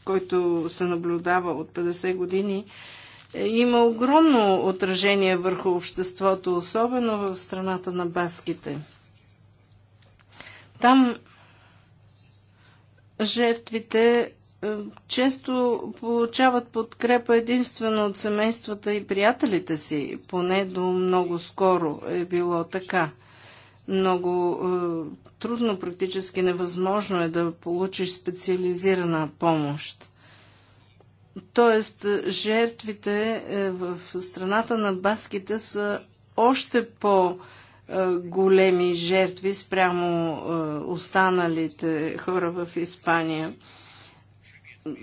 който се наблюдава от 50 години, има огромно отражение върху обществото, особено в страната на баските. Там жертвите е, често получават подкрепа единствено от семействата и приятелите си, поне до много скоро е било така. Много е, трудно, практически невъзможно е да получиш специализирана помощ. Тоест, е, жертвите е, в страната на баските са още по- големи жертви спрямо е, останалите хора в Испания.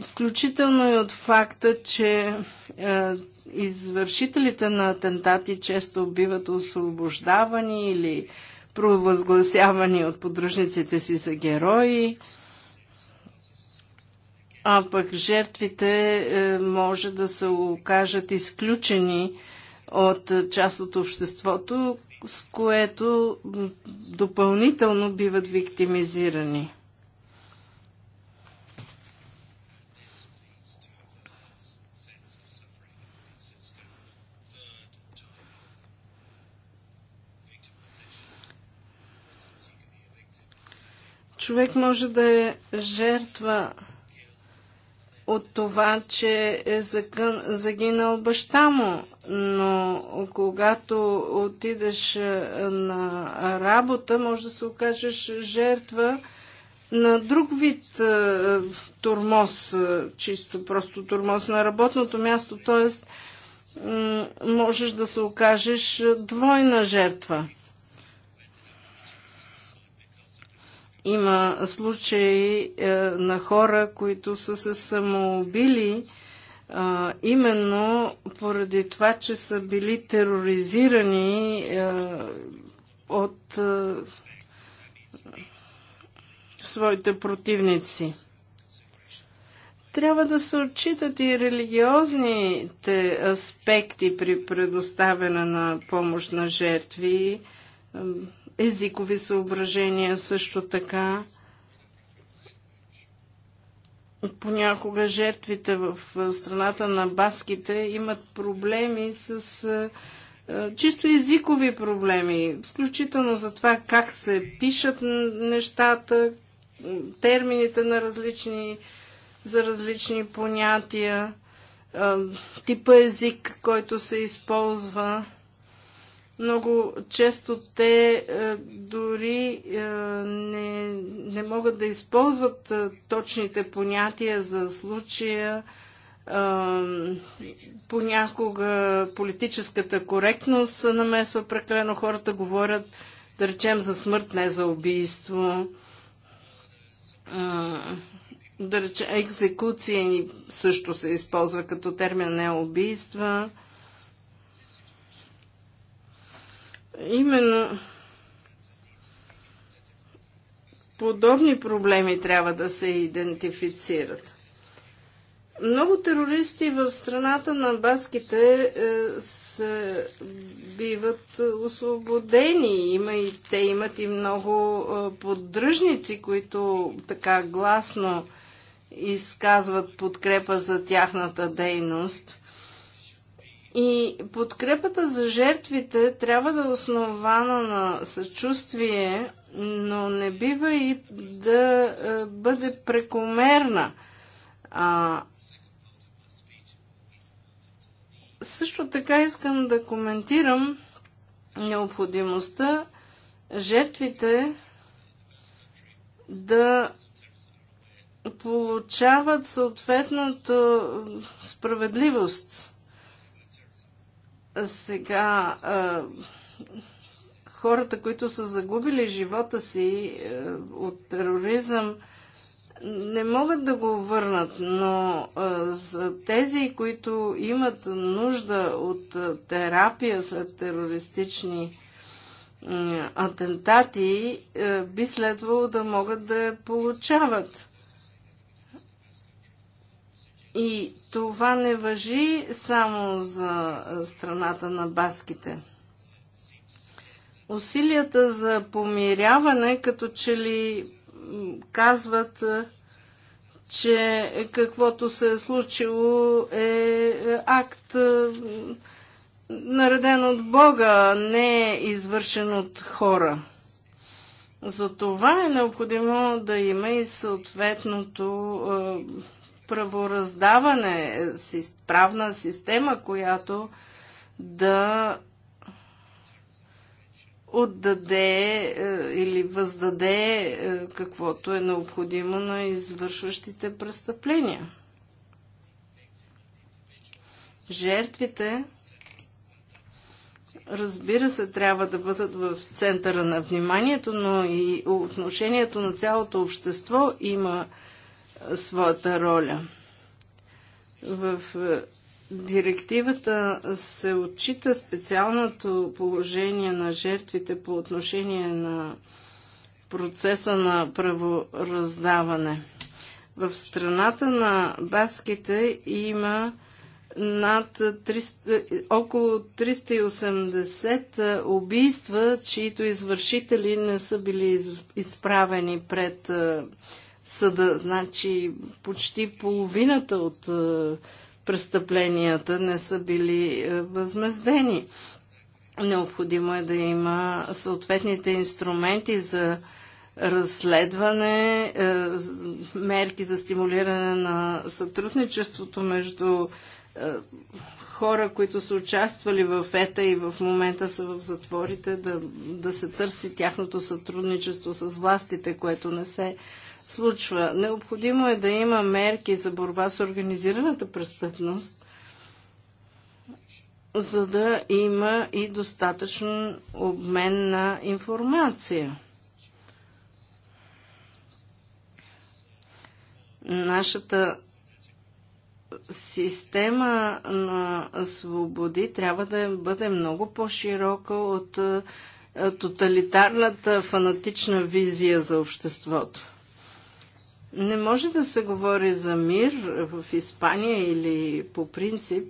Включително и от факта, че извършителите на атентати често биват освобождавани или провъзгласявани от подружниците си за герои а пък жертвите е, може да се окажат изключени от част от обществото, с което допълнително биват виктимизирани. Човек може да е жертва от това, че е загинал баща му. Но когато отидеш е, на работа, може да се окажеш жертва на друг вид е, турмоз, е, чисто просто турмоз на работното място, т.е. можеш да се окажеш двойна жертва. Има случаи е, на хора, които са се самоубили е, именно поради това, че са били тероризирани е, от е, своите противници. Трябва да се отчитат и религиозните аспекти при предоставяне на помощ на жертви езикови съображения също така. Понякога жертвите в страната на баските имат проблеми с чисто езикови проблеми, включително за това как се пишат нещата, термините на различни, за различни понятия, типа език, който се използва. Много често те е, дори е, не, не могат да използват е, точните понятия за случая. Понякога политическата коректност се намесва прекалено. Хората говорят, да речем, за смърт, не за убийство да речем екзекуция също се използва като термин не убийства. Именно подобни проблеми трябва да се идентифицират. Много терористи в страната на баските е, се, биват освободени. Има и, те имат и много е, поддръжници, които така гласно изказват подкрепа за тяхната дейност. И подкрепата за жертвите трябва да е основана на съчувствие, но не бива и да е, бъде прекомерна. А, също така искам да коментирам необходимостта жертвите да получават съответната справедливост сега, хората, които са загубили живота си от тероризъм, не могат да го върнат, но за тези, които имат нужда от терапия след терористични атентати, би следвало да могат да я получават. И това не въжи само за страната на баските. Усилията за помиряване като че ли казват, че каквото се е случило е, е акт нареден от Бога, не е извършен от хора. За това е необходимо да има и съответното правораздаване, правна система, която да отдаде е, или въздаде е, каквото е необходимо на извършващите престъпления. Жертвите, разбира се, трябва да бъдат в центъра на вниманието, но и отношението на цялото общество има своята роля. В е, директивата се отчита специалното положение на жертвите по отношение на процеса на правораздаване. В страната на баските има над 300, около 380 е, убийства, чието извършители не са били изправени пред е, съда. Значи почти половината от е, престъпленията не са били е, възмездени. Необходимо е да има съответните инструменти за разследване, е, мерки за стимулиране на сътрудничеството между хора, които са участвали в ЕТА и в момента са в затворите, да, да се търси тяхното сътрудничество с властите, което не се случва. Необходимо е да има мерки за борба с организираната престъпност, за да има и достатъчен обмен на информация. Нашата система на свободи трябва да бъде много по-широка от е, тоталитарната фанатична визия за обществото. Не може да се говори за мир в Испания или по принцип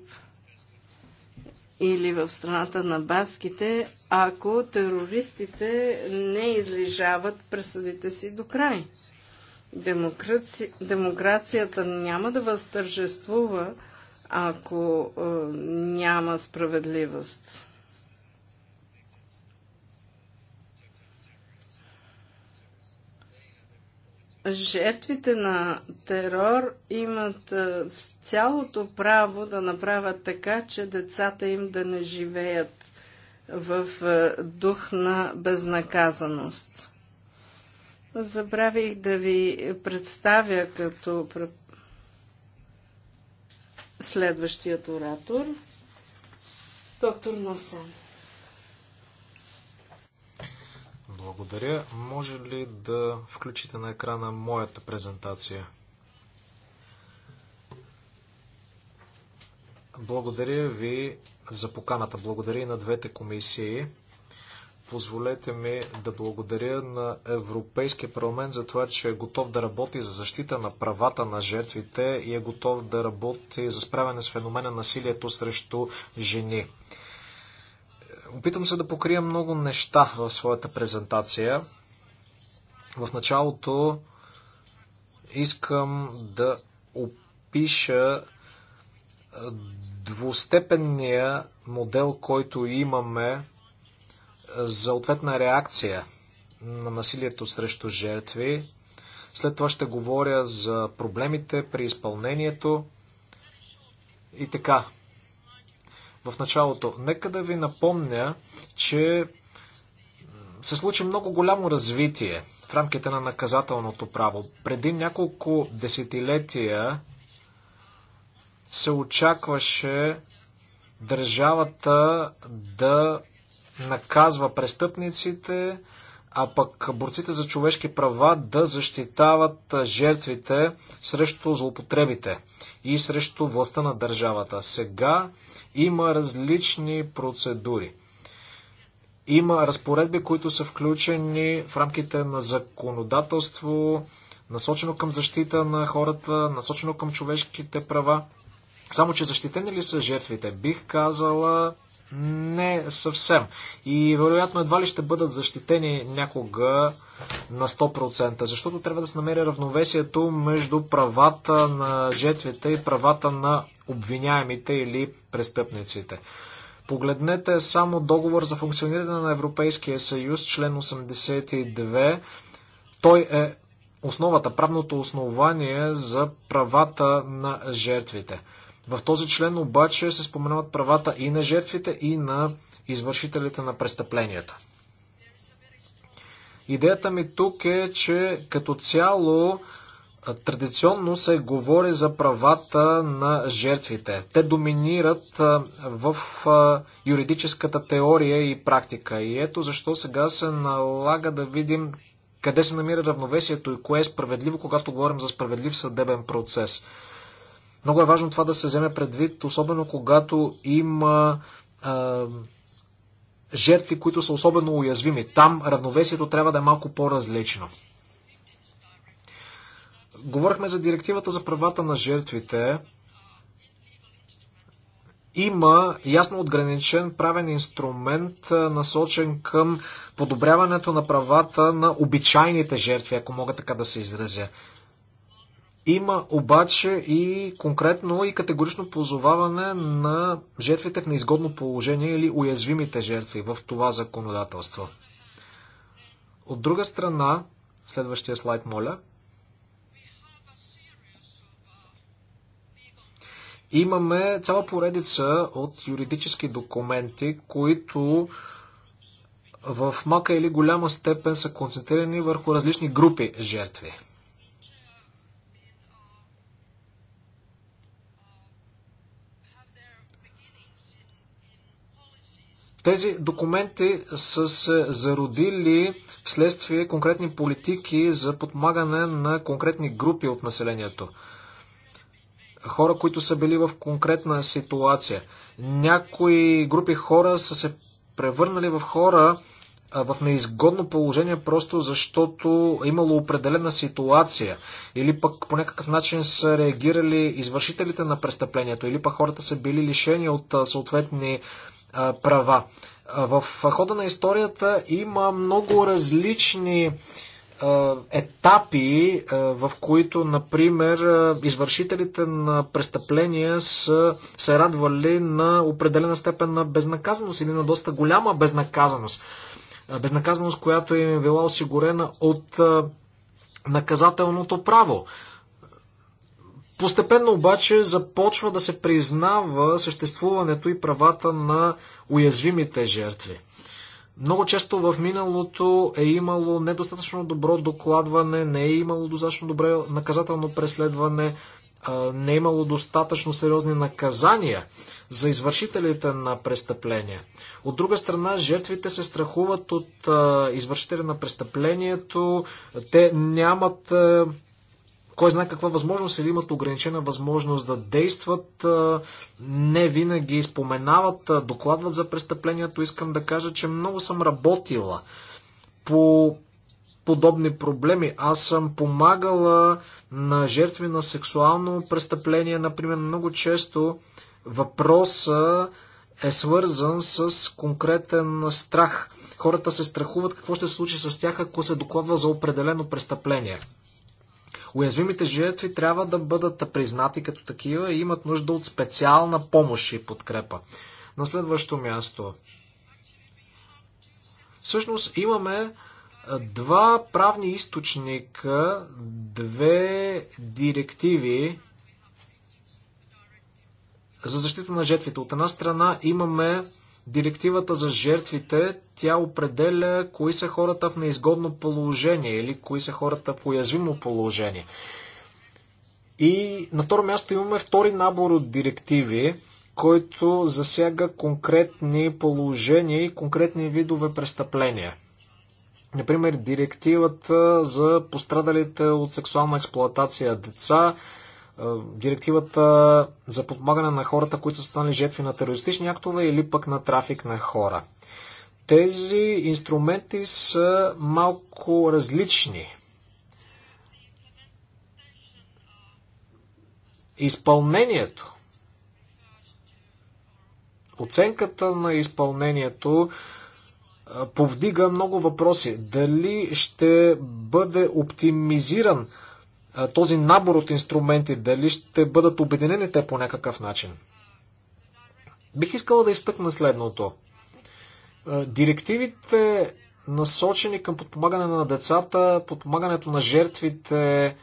или в страната на баските, ако терористите не излежават пресъдите си до край. Демокраци... Демокрацията няма да възтържествува, ако е, няма справедливост. жертвите на терор имат цялото право да направят така, че децата им да не живеят в дух на безнаказаност. Забравих да ви представя като следващият оратор доктор Носен. Благодаря. Може ли да включите на екрана моята презентация? Благодаря ви за поканата. Благодаря и на двете комисии. Позволете ми да благодаря на Европейския парламент за това, че е готов да работи за защита на правата на жертвите и е готов да работи за справяне с феномена насилието срещу жени. Опитвам се да покрия много неща в своята презентация. В началото искам да опиша двустепенния модел, който имаме за ответна реакция на насилието срещу жертви. След това ще говоря за проблемите при изпълнението и така в началото. Нека да ви напомня, че се случи много голямо развитие в рамките на наказателното право. Преди няколко десетилетия се очакваше държавата да наказва престъпниците, а пък борците за човешки права да защитават жертвите срещу злоупотребите и срещу властта на държавата. Сега има различни процедури. Има разпоредби, които са включени в рамките на законодателство, насочено към защита на хората, насочено към човешките права. Само, че защитени ли са жертвите? Бих казала не съвсем. И вероятно едва ли ще бъдат защитени някога на 100%, защото трябва да се намери равновесието между правата на жертвите и правата на обвиняемите или престъпниците. Погледнете само договор за функциониране на Европейския съюз, член 82. Той е основата, правното основание за правата на жертвите. В този член обаче се споменават правата и на жертвите, и на извършителите на престъпленията. Идеята ми тук е, че като цяло традиционно се говори за правата на жертвите. Те доминират в юридическата теория и практика. И ето защо сега се налага да видим къде се намира равновесието и кое е справедливо, когато говорим за справедлив съдебен процес. Много е важно това да се вземе предвид, особено когато има а, жертви, които са особено уязвими. Там равновесието трябва да е малко по-различно. Говорихме за директивата за правата на жертвите. Има ясно отграничен правен инструмент, насочен към подобряването на правата на обичайните жертви, ако мога така да се изразя. Има обаче и конкретно и категорично позоваване на жертвите в неизгодно положение или уязвимите жертви в това законодателство. От друга страна, следващия слайд, моля, имаме цяла поредица от юридически документи, които в мака или голяма степен са концентрирани върху различни групи жертви. Тези документи са се зародили вследствие конкретни политики за подмагане на конкретни групи от населението. Хора, които са били в конкретна ситуация. Някои групи хора са се превърнали в хора в неизгодно положение, просто защото е имало определена ситуация. Или пък по някакъв начин са реагирали извършителите на престъплението. Или пък хората са били лишени от съответни права. В хода на историята има много различни етапи, в които, например, извършителите на престъпления са се радвали на определена степен на безнаказаност или на доста голяма безнаказаност. Безнаказаност, която им е била осигурена от наказателното право. Постепенно обаче започва да се признава съществуването и правата на уязвимите жертви. Много често в миналото е имало недостатъчно добро докладване, не е имало достатъчно добре наказателно преследване, не е имало достатъчно сериозни наказания за извършителите на престъпления. От друга страна, жертвите се страхуват от извършителя на престъплението, те нямат кой знае каква възможност или имат ограничена възможност да действат, не винаги споменават, докладват за престъплението. Искам да кажа, че много съм работила по подобни проблеми. Аз съм помагала на жертви на сексуално престъпление, например, много често въпроса е свързан с конкретен страх. Хората се страхуват какво ще се случи с тях, ако се докладва за определено престъпление. Уязвимите жертви трябва да бъдат признати като такива и имат нужда от специална помощ и подкрепа. На следващо място. Всъщност имаме е, два правни източника, две директиви за защита на жертвите. От една страна имаме Директивата за жертвите, тя определя кои са хората в неизгодно положение или кои са хората в уязвимо положение. И на второ място имаме втори набор от директиви, който засяга конкретни положения и конкретни видове престъпления. Например, директивата за пострадалите от сексуална експлоатация деца, директивата за подпомагане на хората, които са станали жертви на терористични актове или пък на трафик на хора. Тези инструменти са малко различни. Изпълнението. Оценката на изпълнението повдига много въпроси. Дали ще бъде оптимизиран този набор от инструменти, дали ще бъдат обединени те по някакъв начин. Бих искала да изтъкна следното. Директивите, насочени към подпомагане на децата, подпомагането на жертвите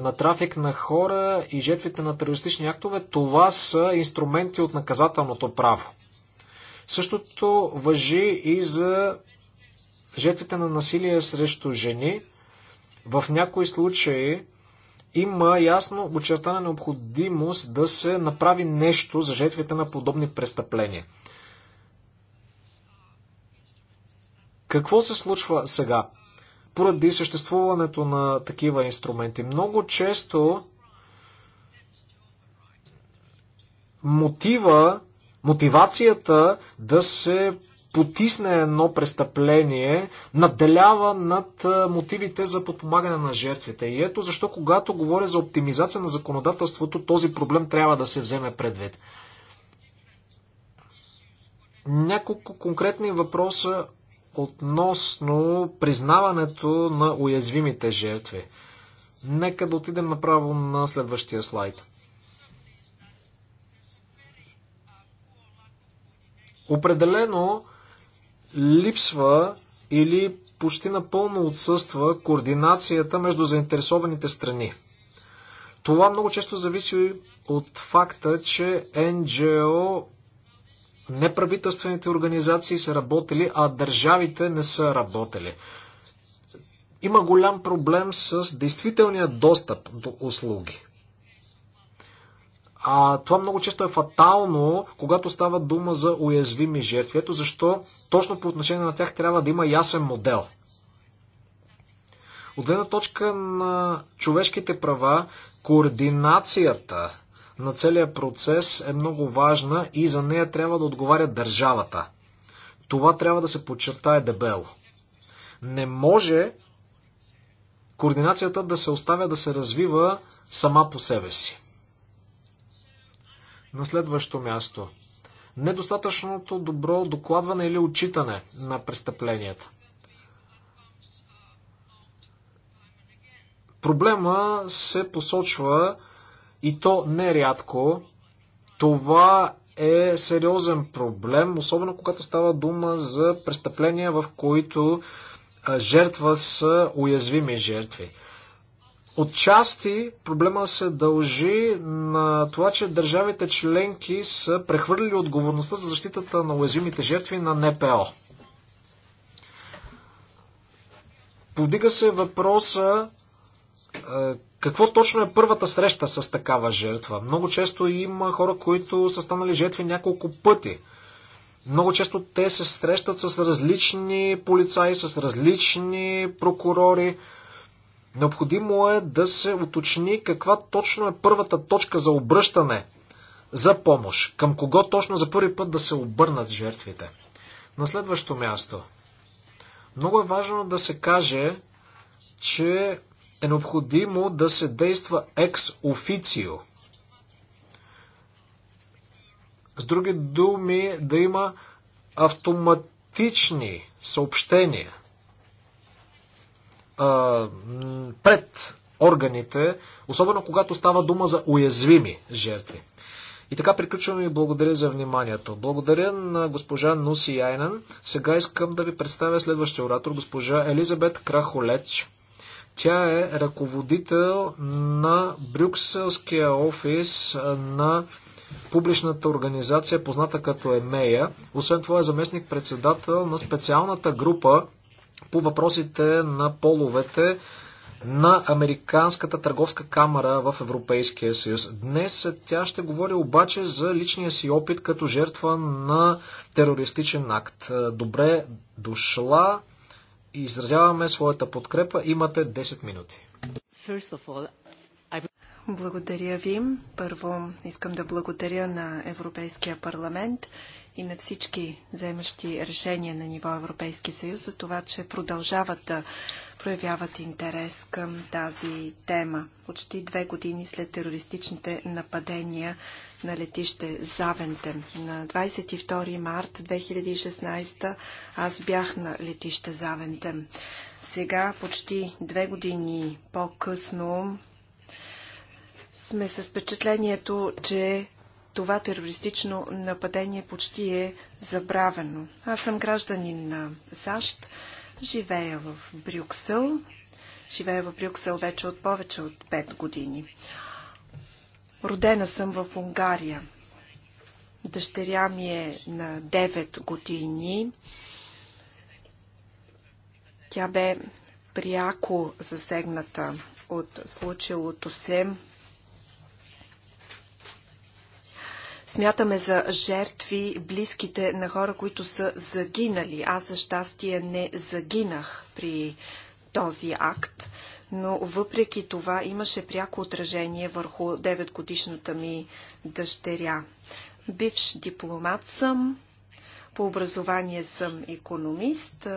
на трафик на хора и жертвите на терористични актове, това са инструменти от наказателното право. Същото въжи и за жертвите на насилие срещу жени – в някои случаи има ясно очертана необходимост да се направи нещо за жертвите на подобни престъпления. Какво се случва сега? Поради съществуването на такива инструменти. Много често мотива, мотивацията да се потисне едно престъпление, наделява над мотивите за подпомагане на жертвите. И ето защо, когато говоря за оптимизация на законодателството, този проблем трябва да се вземе предвид. Няколко конкретни въпроса относно признаването на уязвимите жертви. Нека да отидем направо на следващия слайд. Определено липсва или почти напълно отсъства координацията между заинтересованите страни. Това много често зависи от факта, че НГО неправителствените организации са работили, а държавите не са работили. Има голям проблем с действителния достъп до услуги. А това много често е фатално, когато става дума за уязвими жертви. Ето защо точно по отношение на тях трябва да има ясен модел. От гледна точка на човешките права, координацията на целия процес е много важна и за нея трябва да отговаря държавата. Това трябва да се подчертае дебело. Не може координацията да се оставя да се развива сама по себе си. На следващо място. Недостатъчното добро докладване или отчитане на престъпленията. Проблема се посочва и то нерядко. Това е сериозен проблем, особено когато става дума за престъпления, в които жертва са уязвими жертви. Отчасти проблема се дължи на това, че държавите членки са прехвърлили отговорността за защитата на уязвимите жертви на НПО. Повдига се въпроса е, какво точно е първата среща с такава жертва. Много често има хора, които са станали жертви няколко пъти. Много често те се срещат с различни полицаи, с различни прокурори. Необходимо е да се уточни каква точно е първата точка за обръщане за помощ. Към кого точно за първи път да се обърнат жертвите. На следващо място. Много е важно да се каже, че е необходимо да се действа екс официо. С други думи, да има автоматични съобщения а, пред органите, особено когато става дума за уязвими жертви. И така приключвам и благодаря за вниманието. Благодаря на госпожа Нуси Яйнен. Сега искам да ви представя следващия оратор, госпожа Елизабет Крахолеч. Тя е ръководител на Брюкселския офис на публичната организация, позната като ЕМЕЯ. Освен това е заместник-председател на специалната група по въпросите на половете на Американската търговска камера в Европейския съюз. Днес тя ще говори обаче за личния си опит като жертва на терористичен акт. Добре дошла, изразяваме своята подкрепа, имате 10 минути. All, благодаря ви. Първо искам да благодаря на Европейския парламент и на всички вземащи решения на ниво Европейски съюз за това, че продължават да проявяват интерес към тази тема. Почти две години след терористичните нападения на летище Завенте. На 22 март 2016 аз бях на летище Завенте. Сега, почти две години по-късно, сме с впечатлението, че това терористично нападение почти е забравено. Аз съм гражданин на САЩ, живея в Брюксел. Живея в Брюксел вече от повече от 5 години. Родена съм в Унгария. Дъщеря ми е на 9 години. Тя бе пряко засегната от случилото се Смятаме за жертви близките на хора, които са загинали. Аз за щастие не загинах при този акт, но въпреки това имаше пряко отражение върху 9-годишната ми дъщеря. Бивш дипломат съм, по образование съм економист,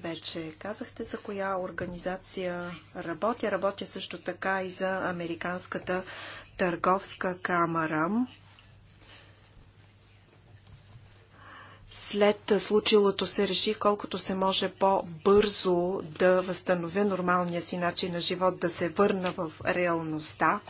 вече казахте за коя организация работя. Работя също така и за Американската търговска камера. след случилото се реши колкото се може по-бързо да възстановя нормалния си начин на живот, да се върна в реалността.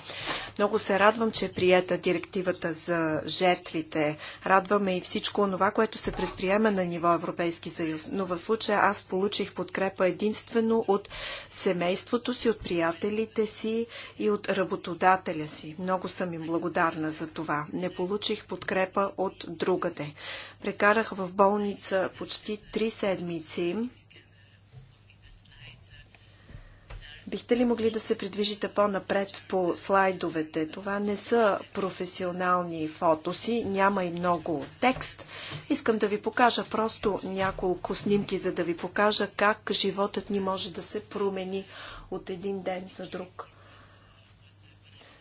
Много се радвам, че е приета директивата за жертвите. Радваме и всичко това, което се предприема на ниво Европейски съюз. Но в случая аз получих подкрепа единствено от семейството си, от приятелите си и от работодателя си. Много съм им благодарна за това. Не получих подкрепа от другаде. Прекарах в в болница почти три седмици. Бихте ли могли да се придвижите по-напред по слайдовете? Това не са професионални фотоси, няма и много текст. Искам да ви покажа просто няколко снимки, за да ви покажа как животът ни може да се промени от един ден за друг.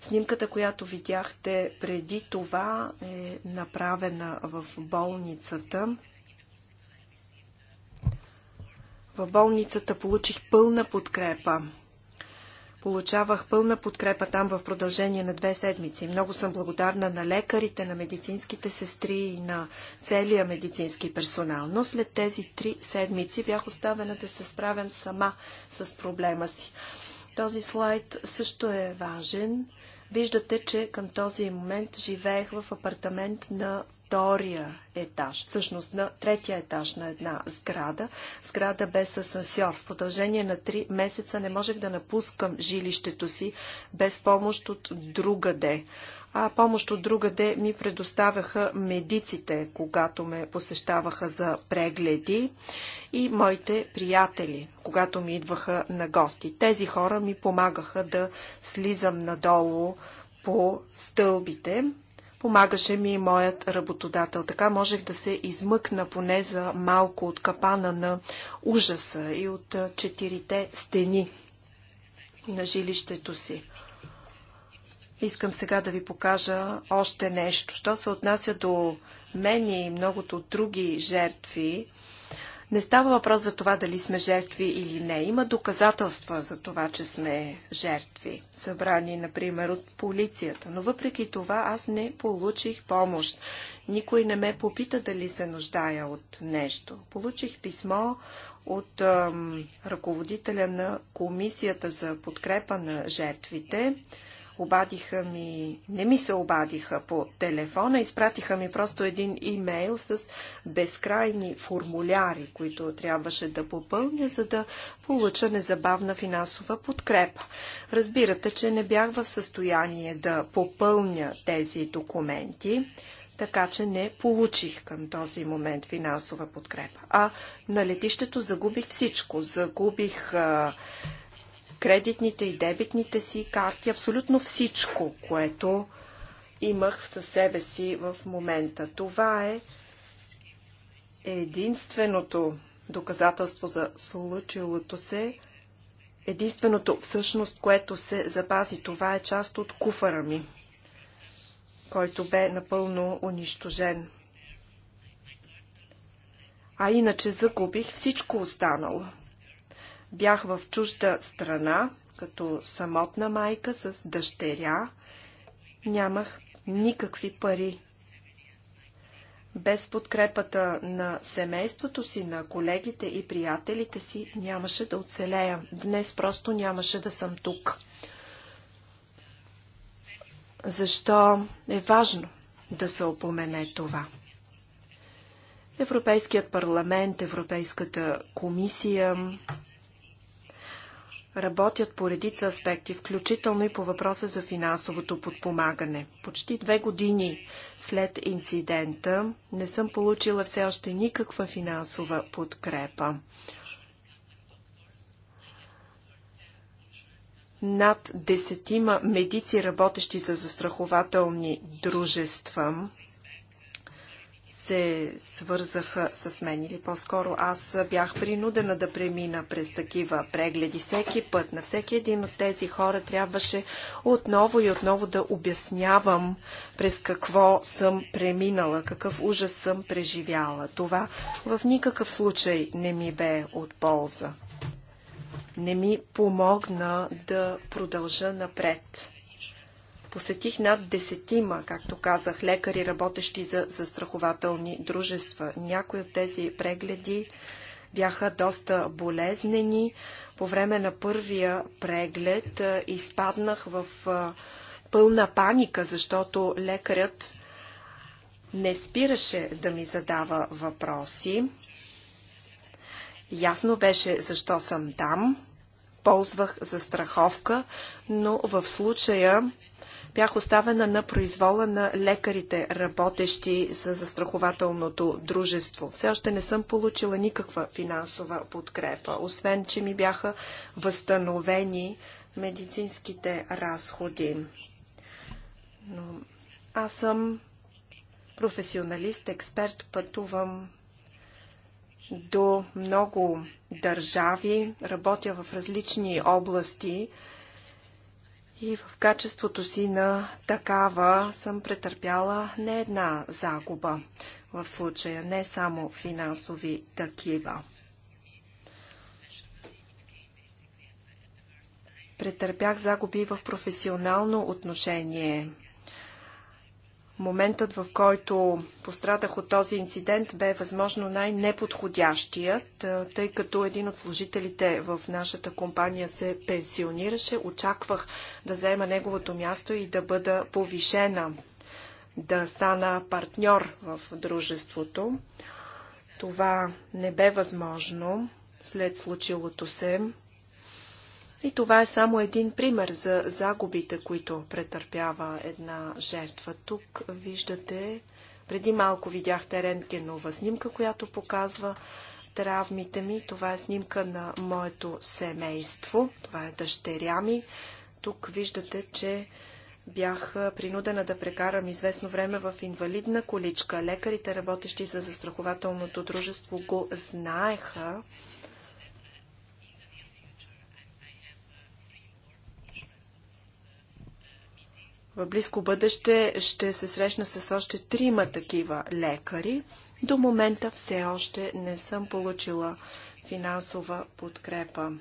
Снимката, която видяхте преди това е направена в болницата. В болницата получих пълна подкрепа. Получавах пълна подкрепа там в продължение на две седмици. Много съм благодарна на лекарите, на медицинските сестри и на целия медицински персонал. Но след тези три седмици бях оставена да се справям сама с проблема си. Този слайд също е важен. Виждате, че към този момент живеех в апартамент на втория етаж, всъщност на третия етаж на една сграда. Сграда без асансьор. В продължение на три месеца не можех да напускам жилището си без помощ от другаде, а помощ от другаде ми предоставяха медиците, когато ме посещаваха за прегледи и моите приятели, когато ми идваха на гости. Тези хора ми помагаха да слизам надолу по стълбите. Помагаше ми и моят работодател. Така можех да се измъкна поне за малко от капана на ужаса и от четирите стени на жилището си. Искам сега да ви покажа още нещо. Що се отнася до мен и многото други жертви, не става въпрос за това дали сме жертви или не. Има доказателства за това, че сме жертви, събрани, например, от полицията. Но въпреки това аз не получих помощ. Никой не ме попита дали се нуждая от нещо. Получих писмо от ъм, ръководителя на Комисията за подкрепа на жертвите, Обадиха ми, не ми се обадиха по телефона, изпратиха ми просто един имейл с безкрайни формуляри, които трябваше да попълня, за да получа незабавна финансова подкрепа. Разбирате, че не бях в състояние да попълня тези документи така че не получих към този момент финансова подкрепа. А на летището загубих всичко. Загубих а, кредитните и дебитните си карти, абсолютно всичко, което имах със себе си в момента. Това е единственото доказателство за случилото се, единственото всъщност, което се запази, това е част от куфара ми, който бе напълно унищожен. А иначе загубих всичко останало – Бях в чужда страна, като самотна майка с дъщеря. Нямах никакви пари. Без подкрепата на семейството си, на колегите и приятелите си, нямаше да оцелея. Днес просто нямаше да съм тук. Защо е важно да се опомене това? Европейският парламент, Европейската комисия, работят по редица аспекти, включително и по въпроса за финансовото подпомагане. Почти две години след инцидента не съм получила все още никаква финансова подкрепа. Над десетима медици, работещи за застрахователни дружества, се свързаха с мен или по-скоро аз бях принудена да премина през такива прегледи. Всеки път на всеки един от тези хора трябваше отново и отново да обяснявам през какво съм преминала, какъв ужас съм преживяла. Това в никакъв случай не ми бе от полза. Не ми помогна да продължа напред. Посетих над десетима, както казах, лекари, работещи за застрахователни дружества. Някои от тези прегледи бяха доста болезнени. По време на първия преглед изпаднах в пълна паника, защото лекарят не спираше да ми задава въпроси. Ясно беше защо съм там. Ползвах застраховка, но в случая Бях оставена на произвола на лекарите, работещи за застрахователното дружество. Все още не съм получила никаква финансова подкрепа, освен, че ми бяха възстановени медицинските разходи. Но аз съм професионалист, експерт, пътувам до много държави, работя в различни области – и в качеството си на такава съм претърпяла не една загуба в случая, не само финансови такива. Претърпях загуби в професионално отношение моментът, в който пострадах от този инцидент, бе възможно най-неподходящият, тъй като един от служителите в нашата компания се пенсионираше. Очаквах да заема неговото място и да бъда повишена, да стана партньор в дружеството. Това не бе възможно след случилото се. И това е само един пример за загубите, които претърпява една жертва. Тук виждате, преди малко видяхте рентгенова снимка, която показва травмите ми. Това е снимка на моето семейство. Това е дъщеря ми. Тук виждате, че бях принудена да прекарам известно време в инвалидна количка. Лекарите, работещи за застрахователното дружество, го знаеха. В близко бъдеще ще се срещна с още трима такива лекари. До момента все още не съм получила финансова подкрепа.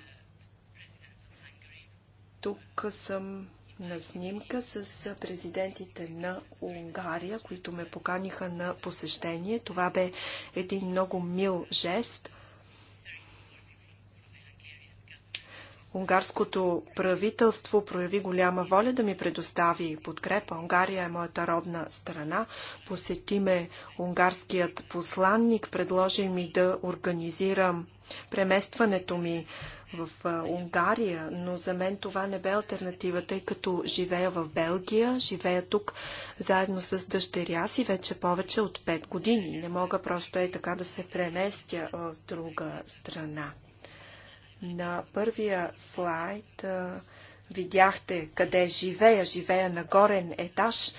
Тук съм на снимка с президентите на Унгария, които ме поканиха на посещение. Това бе един много мил жест – Унгарското правителство прояви голяма воля да ми предостави подкрепа. Унгария е моята родна страна. Посети ме унгарският посланник, предложи ми да организирам преместването ми в Унгария, но за мен това не бе альтернатива, тъй като живея в Белгия, живея тук заедно с дъщеря си вече повече от 5 години. Не мога просто е така да се преместя в друга страна. На първия слайд видяхте къде живея. Живея на горен етаж.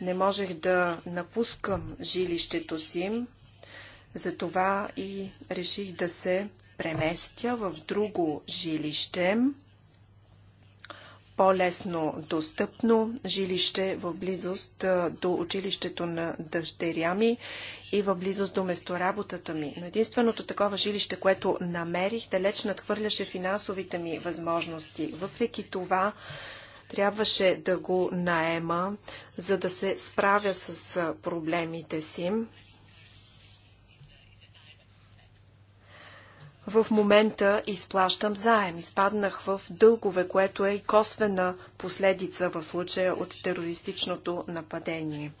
Не можех да напускам жилището си. Затова и реших да се преместя в друго жилище по-лесно достъпно жилище в близост до училището на дъщеря ми и в близост до местоработата ми. Но единственото такова жилище, което намерих, далеч надхвърляше финансовите ми възможности. Въпреки това, трябваше да го наема, за да се справя с проблемите си. в момента изплащам заем. Изпаднах в дългове, което е и косвена последица в случая от терористичното нападение.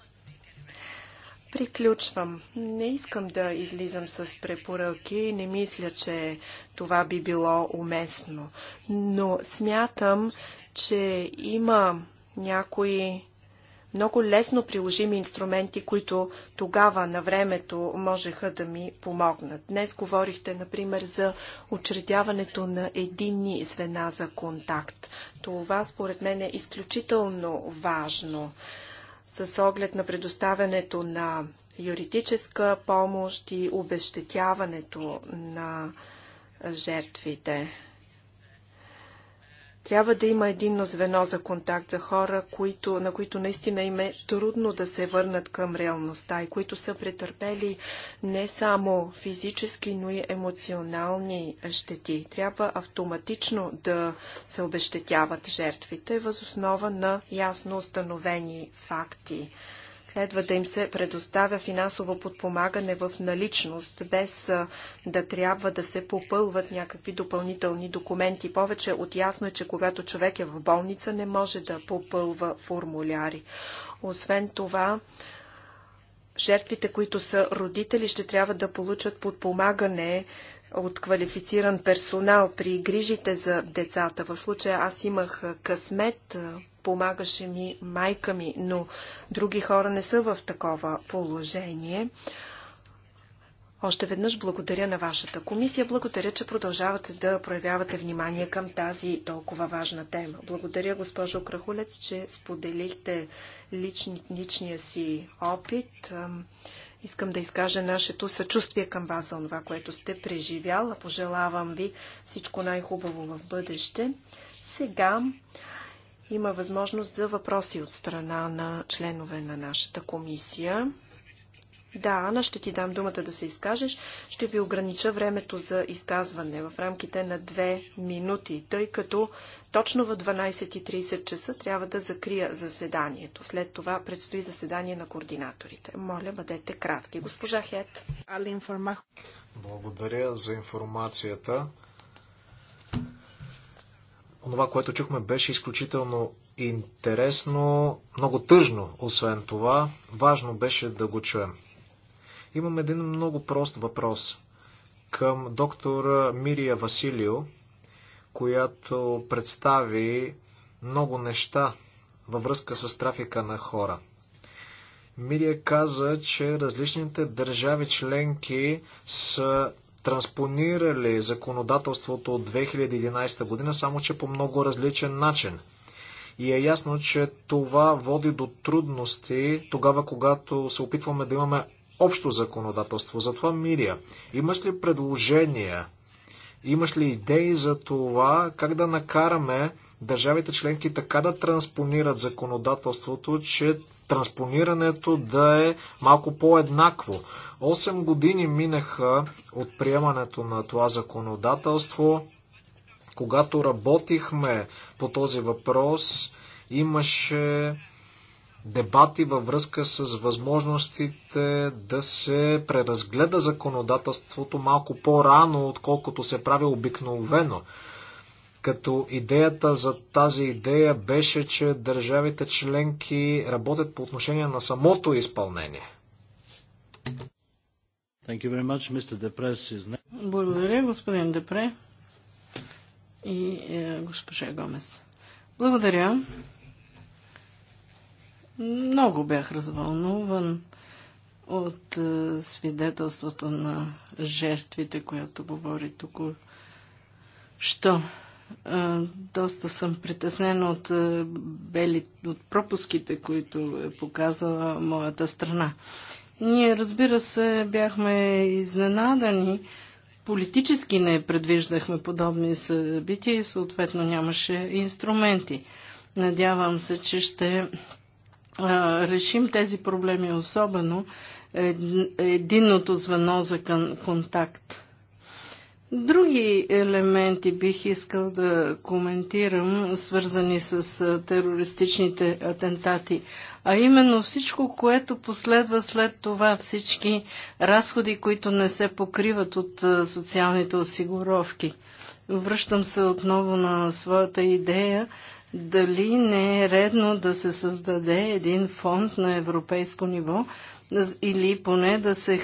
Приключвам. Не искам да излизам с препоръки, не мисля, че това би било уместно. Но смятам, че има някои много лесно приложими инструменти, които тогава на времето можеха да ми помогнат. Днес говорихте, например, за учредяването на единни звена за контакт. Това според мен е изключително важно с оглед на предоставянето на юридическа помощ и обещетяването на жертвите. Трябва да има единно звено за контакт за хора, които, на които наистина им е трудно да се върнат към реалността и които са претърпели не само физически, но и емоционални щети. Трябва автоматично да се обещетяват жертвите възоснова на ясно установени факти. Следва да им се предоставя финансово подпомагане в наличност, без да трябва да се попълват някакви допълнителни документи. Повече от ясно е, че когато човек е в болница, не може да попълва формуляри. Освен това, жертвите, които са родители, ще трябва да получат подпомагане от квалифициран персонал при грижите за децата. В случая аз имах късмет помагаше ми майка ми, но други хора не са в такова положение. Още веднъж благодаря на вашата комисия. Благодаря, че продължавате да проявявате внимание към тази толкова важна тема. Благодаря, госпожо Крахулец, че споделихте лични, личния си опит. Искам да изкажа нашето съчувствие към вас за това, което сте преживяла. Пожелавам ви всичко най-хубаво в бъдеще. Сега има възможност за въпроси от страна на членове на нашата комисия. Да, Ана, ще ти дам думата да се изкажеш. Ще ви огранича времето за изказване в рамките на 2 минути, тъй като точно в 12.30 часа трябва да закрия заседанието. След това предстои заседание на координаторите. Моля, бъдете кратки. Госпожа Хет. Благодаря за информацията. Онова, което чухме, беше изключително интересно, много тъжно, освен това. Важно беше да го чуем. Имам един много прост въпрос към доктор Мирия Василио, която представи много неща във връзка с трафика на хора. Мирия каза, че различните държави членки са транспонирали законодателството от 2011 година, само че по много различен начин. И е ясно, че това води до трудности тогава, когато се опитваме да имаме общо законодателство. Затова, Мирия, имаш ли предложения, имаш ли идеи за това как да накараме държавите членки така да транспонират законодателството, че транспонирането да е малко по-еднакво. 8 години минаха от приемането на това законодателство. Когато работихме по този въпрос, имаше дебати във връзка с възможностите да се преразгледа законодателството малко по-рано, отколкото се прави обикновено като идеята за тази идея беше, че държавите членки работят по отношение на самото изпълнение. Благодаря, господин Депре и е, госпожа Гомес. Благодаря. Много бях развълнуван от е, свидетелството на жертвите, която говори тук. Що? Доста съм притеснена от, бели, от пропуските, които е показала моята страна. Ние, разбира се, бяхме изненадани. Политически не предвиждахме подобни събития и съответно нямаше инструменти. Надявам се, че ще а, решим тези проблеми особено единното звено за контакт. Други елементи бих искал да коментирам, свързани с терористичните атентати, а именно всичко, което последва след това, всички разходи, които не се покриват от социалните осигуровки. Връщам се отново на своята идея дали не е редно да се създаде един фонд на европейско ниво или поне да се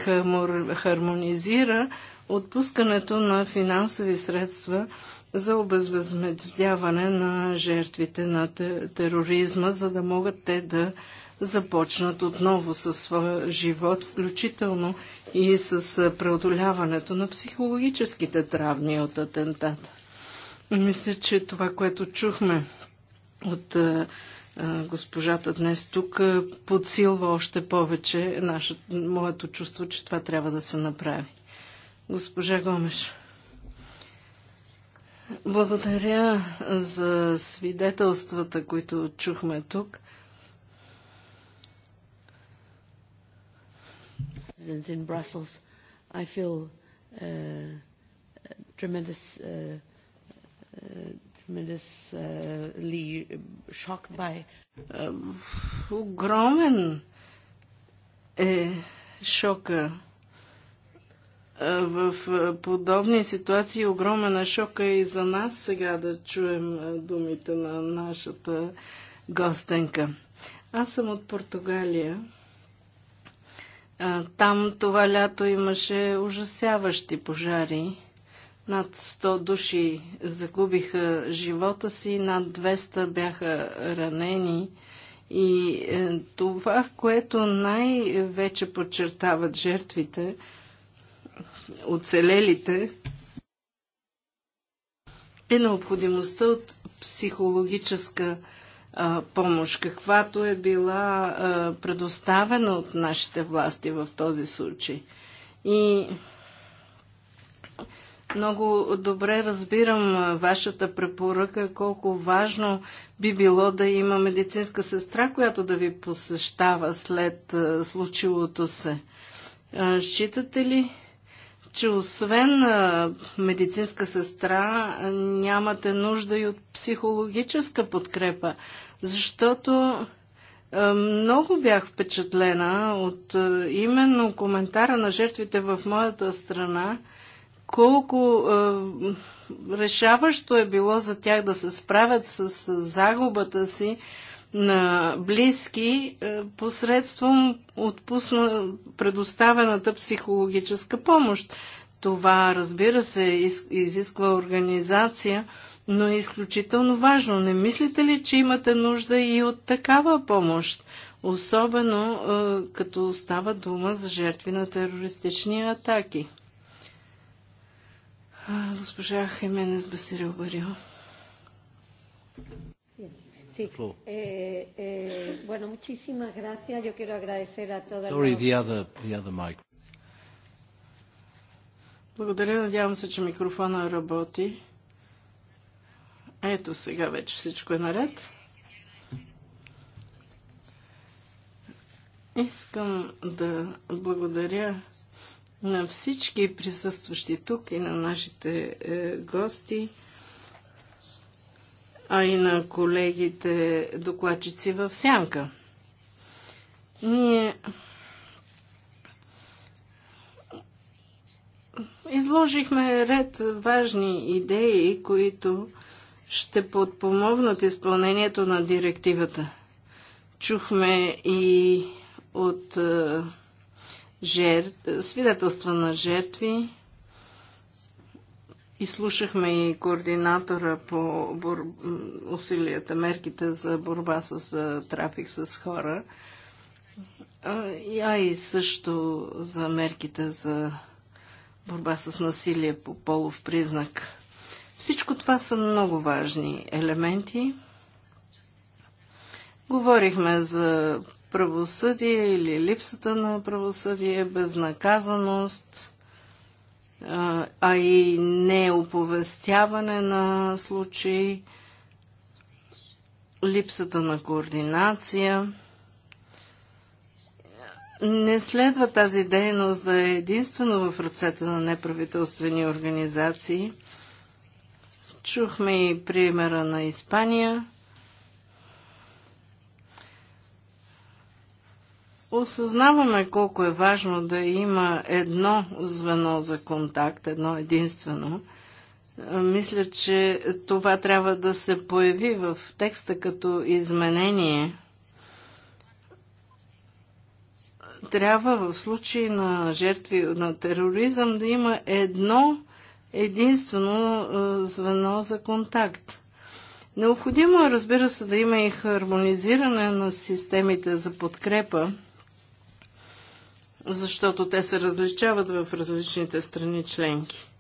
хармонизира отпускането на финансови средства за обезвъзмездяване на жертвите на тероризма, за да могат те да започнат отново със своя живот, включително и с преодоляването на психологическите травми от атентата. Мисля, че това, което чухме от госпожата днес тук, подсилва още повече нашето, моето чувство, че това трябва да се направи. Госпожа Гомеш. Благодаря за свидетелствата, които чухме тук. In Brussels, I feel uh, tremendous, uh, uh, tremendously uh, shocked by. Е, огромен е шока в подобни ситуации е огромен е шока и за нас сега да чуем думите на нашата гостенка. Аз съм от Португалия. Там това лято имаше ужасяващи пожари. Над 100 души загубиха живота си, над 200 бяха ранени. И е, това, което най-вече подчертават жертвите, оцелелите е необходимостта от психологическа а, помощ, каквато е била а, предоставена от нашите власти в този случай. И много добре разбирам вашата препоръка, колко важно би било да има медицинска сестра, която да ви посещава след случилото се. Считате ли, че освен медицинска сестра, нямате нужда и от психологическа подкрепа, защото много бях впечатлена от именно коментара на жертвите в моята страна, колко решаващо е било за тях да се справят с загубата си на близки е, посредством отпусна предоставената психологическа помощ. Това, разбира се, изисква организация, но е изключително важно. Не мислите ли, че имате нужда и от такава помощ? Особено е, като става дума за жертви на терористични атаки. Госпожа Хеменес Басирил Барио. Sí. Floor. Eh, eh, bueno, muchísimas gracias. Yo quiero agradecer a todas. Sorry, los... the other, the other mic. Благодаря. Надявам се, че микрофона работи. Ето сега вече всичко е наред. Искам да благодаря на всички присъстващи тук и на нашите е, гости а и на колегите докладчици в Сянка. Ние изложихме ред важни идеи, които ще подпомогнат изпълнението на директивата. Чухме и от е, жертв, свидетелства на жертви, Изслушахме и координатора по бор... усилията, мерките за борба с трафик с хора, а и също за мерките за борба с насилие по полов признак. Всичко това са много важни елементи. Говорихме за правосъдие или липсата на правосъдие, безнаказаност – а и не оповестяване на случаи, липсата на координация. Не следва тази дейност да е единствено в ръцете на неправителствени организации. Чухме и примера на Испания. осъзнаваме колко е важно да има едно звено за контакт, едно единствено. Е, мисля, че това трябва да се появи в текста като изменение. Трябва в случай на жертви на тероризъм да има едно единствено е, звено за контакт. Необходимо е, разбира се, да има и хармонизиране на системите за подкрепа, защото те се различават в различните страни членки.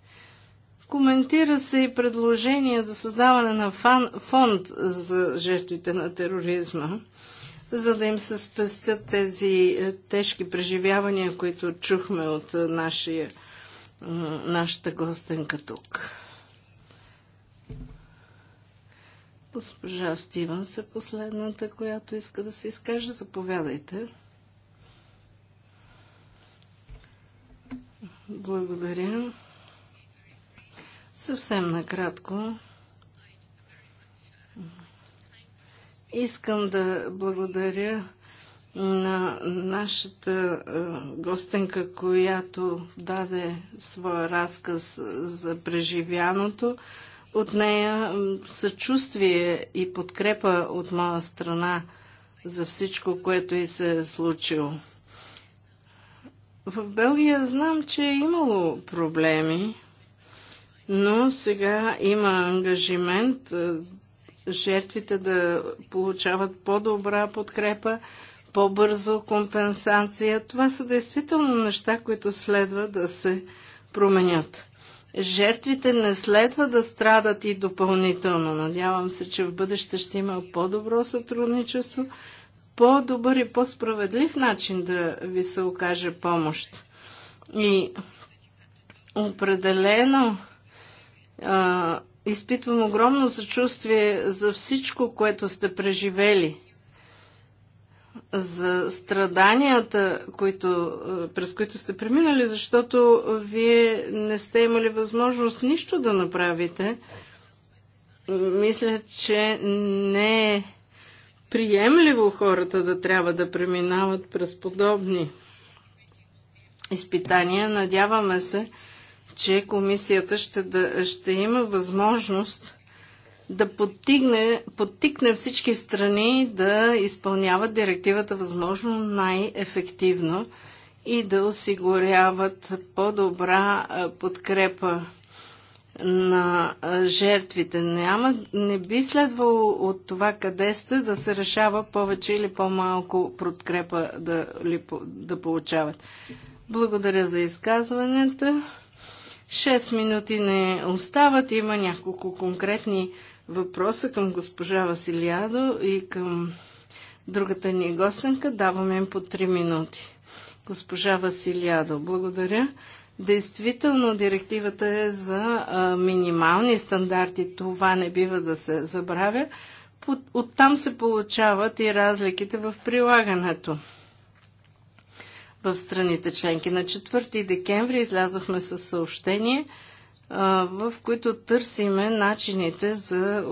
Коментира се и предложение за създаване на фан, фонд за жертвите на тероризма, за да им се спестят тези е, тежки преживявания, които чухме от е, нашия, нашата гостенка тук. Госпожа Стивън е последната, която иска да се изкаже. Заповядайте. Благодаря. Съвсем накратко. Искам да благодаря на нашата гостенка, която даде своя разказ за преживяното. От нея съчувствие и подкрепа от моя страна за всичко, което и се е случило. В Белгия знам, че е имало проблеми, но сега има ангажимент е, жертвите да получават по-добра подкрепа, по-бързо компенсация. Това са действително неща, които следва да се променят. Жертвите не следва да страдат и допълнително. Надявам се, че в бъдеще ще има по-добро сътрудничество по-добър и по-справедлив начин да ви се окаже помощ. И определено а, изпитвам огромно съчувствие за всичко, което сте преживели, за страданията, които, през които сте преминали, защото вие не сте имали възможност нищо да направите. Мисля, че не е приемливо хората да трябва да преминават през подобни изпитания. Надяваме се, че комисията ще, да, ще има възможност да подтигне, подтикне всички страни да изпълняват директивата възможно най-ефективно и да осигуряват по-добра подкрепа на жертвите. Няма, не би следвало от това къде сте да се решава повече или по-малко подкрепа да, ли, да получават. Благодаря за изказванията. 6 минути не остават. Има няколко конкретни въпроса към госпожа Василиадо и към другата ни гостенка. Даваме им по 3 минути. Госпожа Василиадо, благодаря. Действително директивата е за а, минимални стандарти, това не бива да се забравя. оттам се получават и разликите в прилагането. В страните членки на 4 декември излязохме с съобщение, а, в които търсиме начините за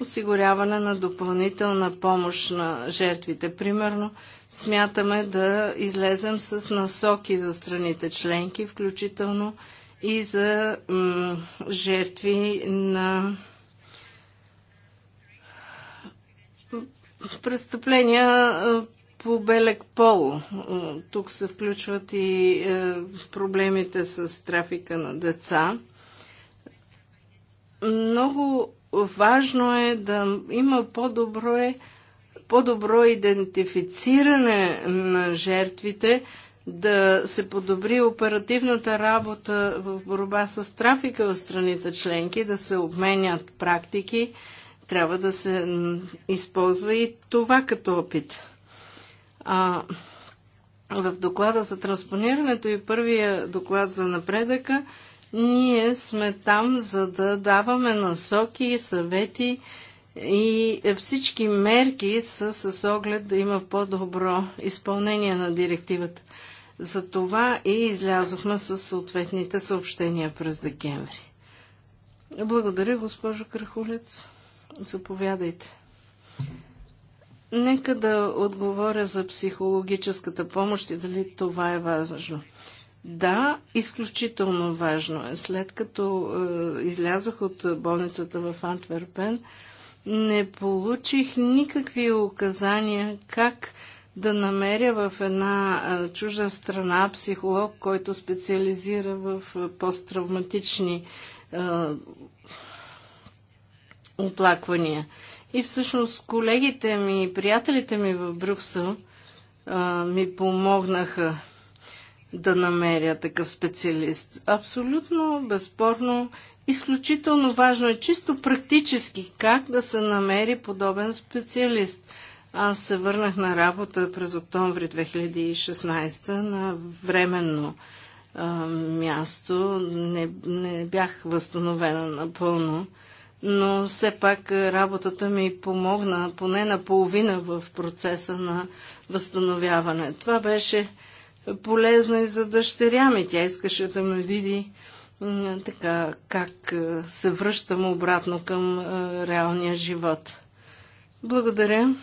осигуряване на допълнителна помощ на жертвите. Примерно, смятаме да излезем с насоки за страните членки, включително и за жертви на престъпления по белек пол. Тук се включват и е, проблемите с трафика на деца. Много важно е да има по-добро е, по-добро идентифициране на жертвите, да се подобри оперативната работа в борба с трафика в страните членки, да се обменят практики, трябва да се използва и това като опит. А, в доклада за транспонирането и първия доклад за напредъка ние сме там, за да даваме насоки, съвети и всички мерки са с оглед да има по-добро изпълнение на директивата. За това и излязохме с съответните съобщения през декември. Благодаря, госпожо Крахулец. Заповядайте. Нека да отговоря за психологическата помощ и дали това е важно. Да, изключително важно е. След като е, излязох от болницата в Антверпен, не получих никакви указания как да намеря в една е, чужда страна психолог, който специализира в е, посттравматични е, оплаквания. И всъщност колегите ми и приятелите ми в Брюксел е, ми помогнаха да намеря такъв специалист. Абсолютно, безспорно, изключително важно е чисто практически как да се намери подобен специалист. Аз се върнах на работа през октомври 2016 на временно а, място. Не, не бях възстановена напълно, но все пак работата ми помогна поне наполовина в процеса на възстановяване. Това беше Полезно и за дъщеря ми. Тя искаше да ме види така как се връщам обратно към реалния живот. Благодаря.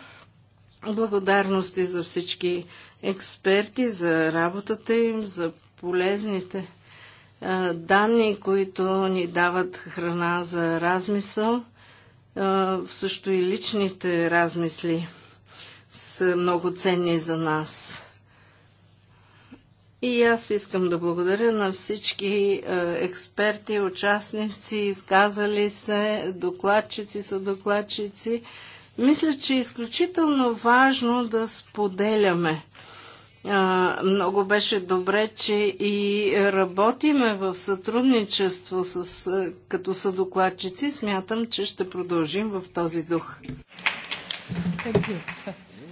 Благодарности за всички експерти, за работата им, за полезните данни, които ни дават храна за размисъл, също и личните размисли са много ценни за нас. И аз искам да благодаря на всички е, експерти, участници, изказали се, докладчици, са докладчици. Мисля, че е изключително важно да споделяме. Е, много беше добре, че и работиме в сътрудничество с, е, като съдокладчици. Смятам, че ще продължим в този дух. Thank you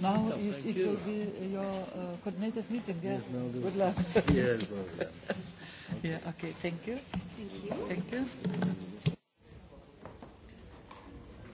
now it will you. be your uh, coordinators meeting. Yeah. Yes, no, Good luck. yes, no, yeah. Okay. yeah. Okay. Thank you. Thank you. Thank you.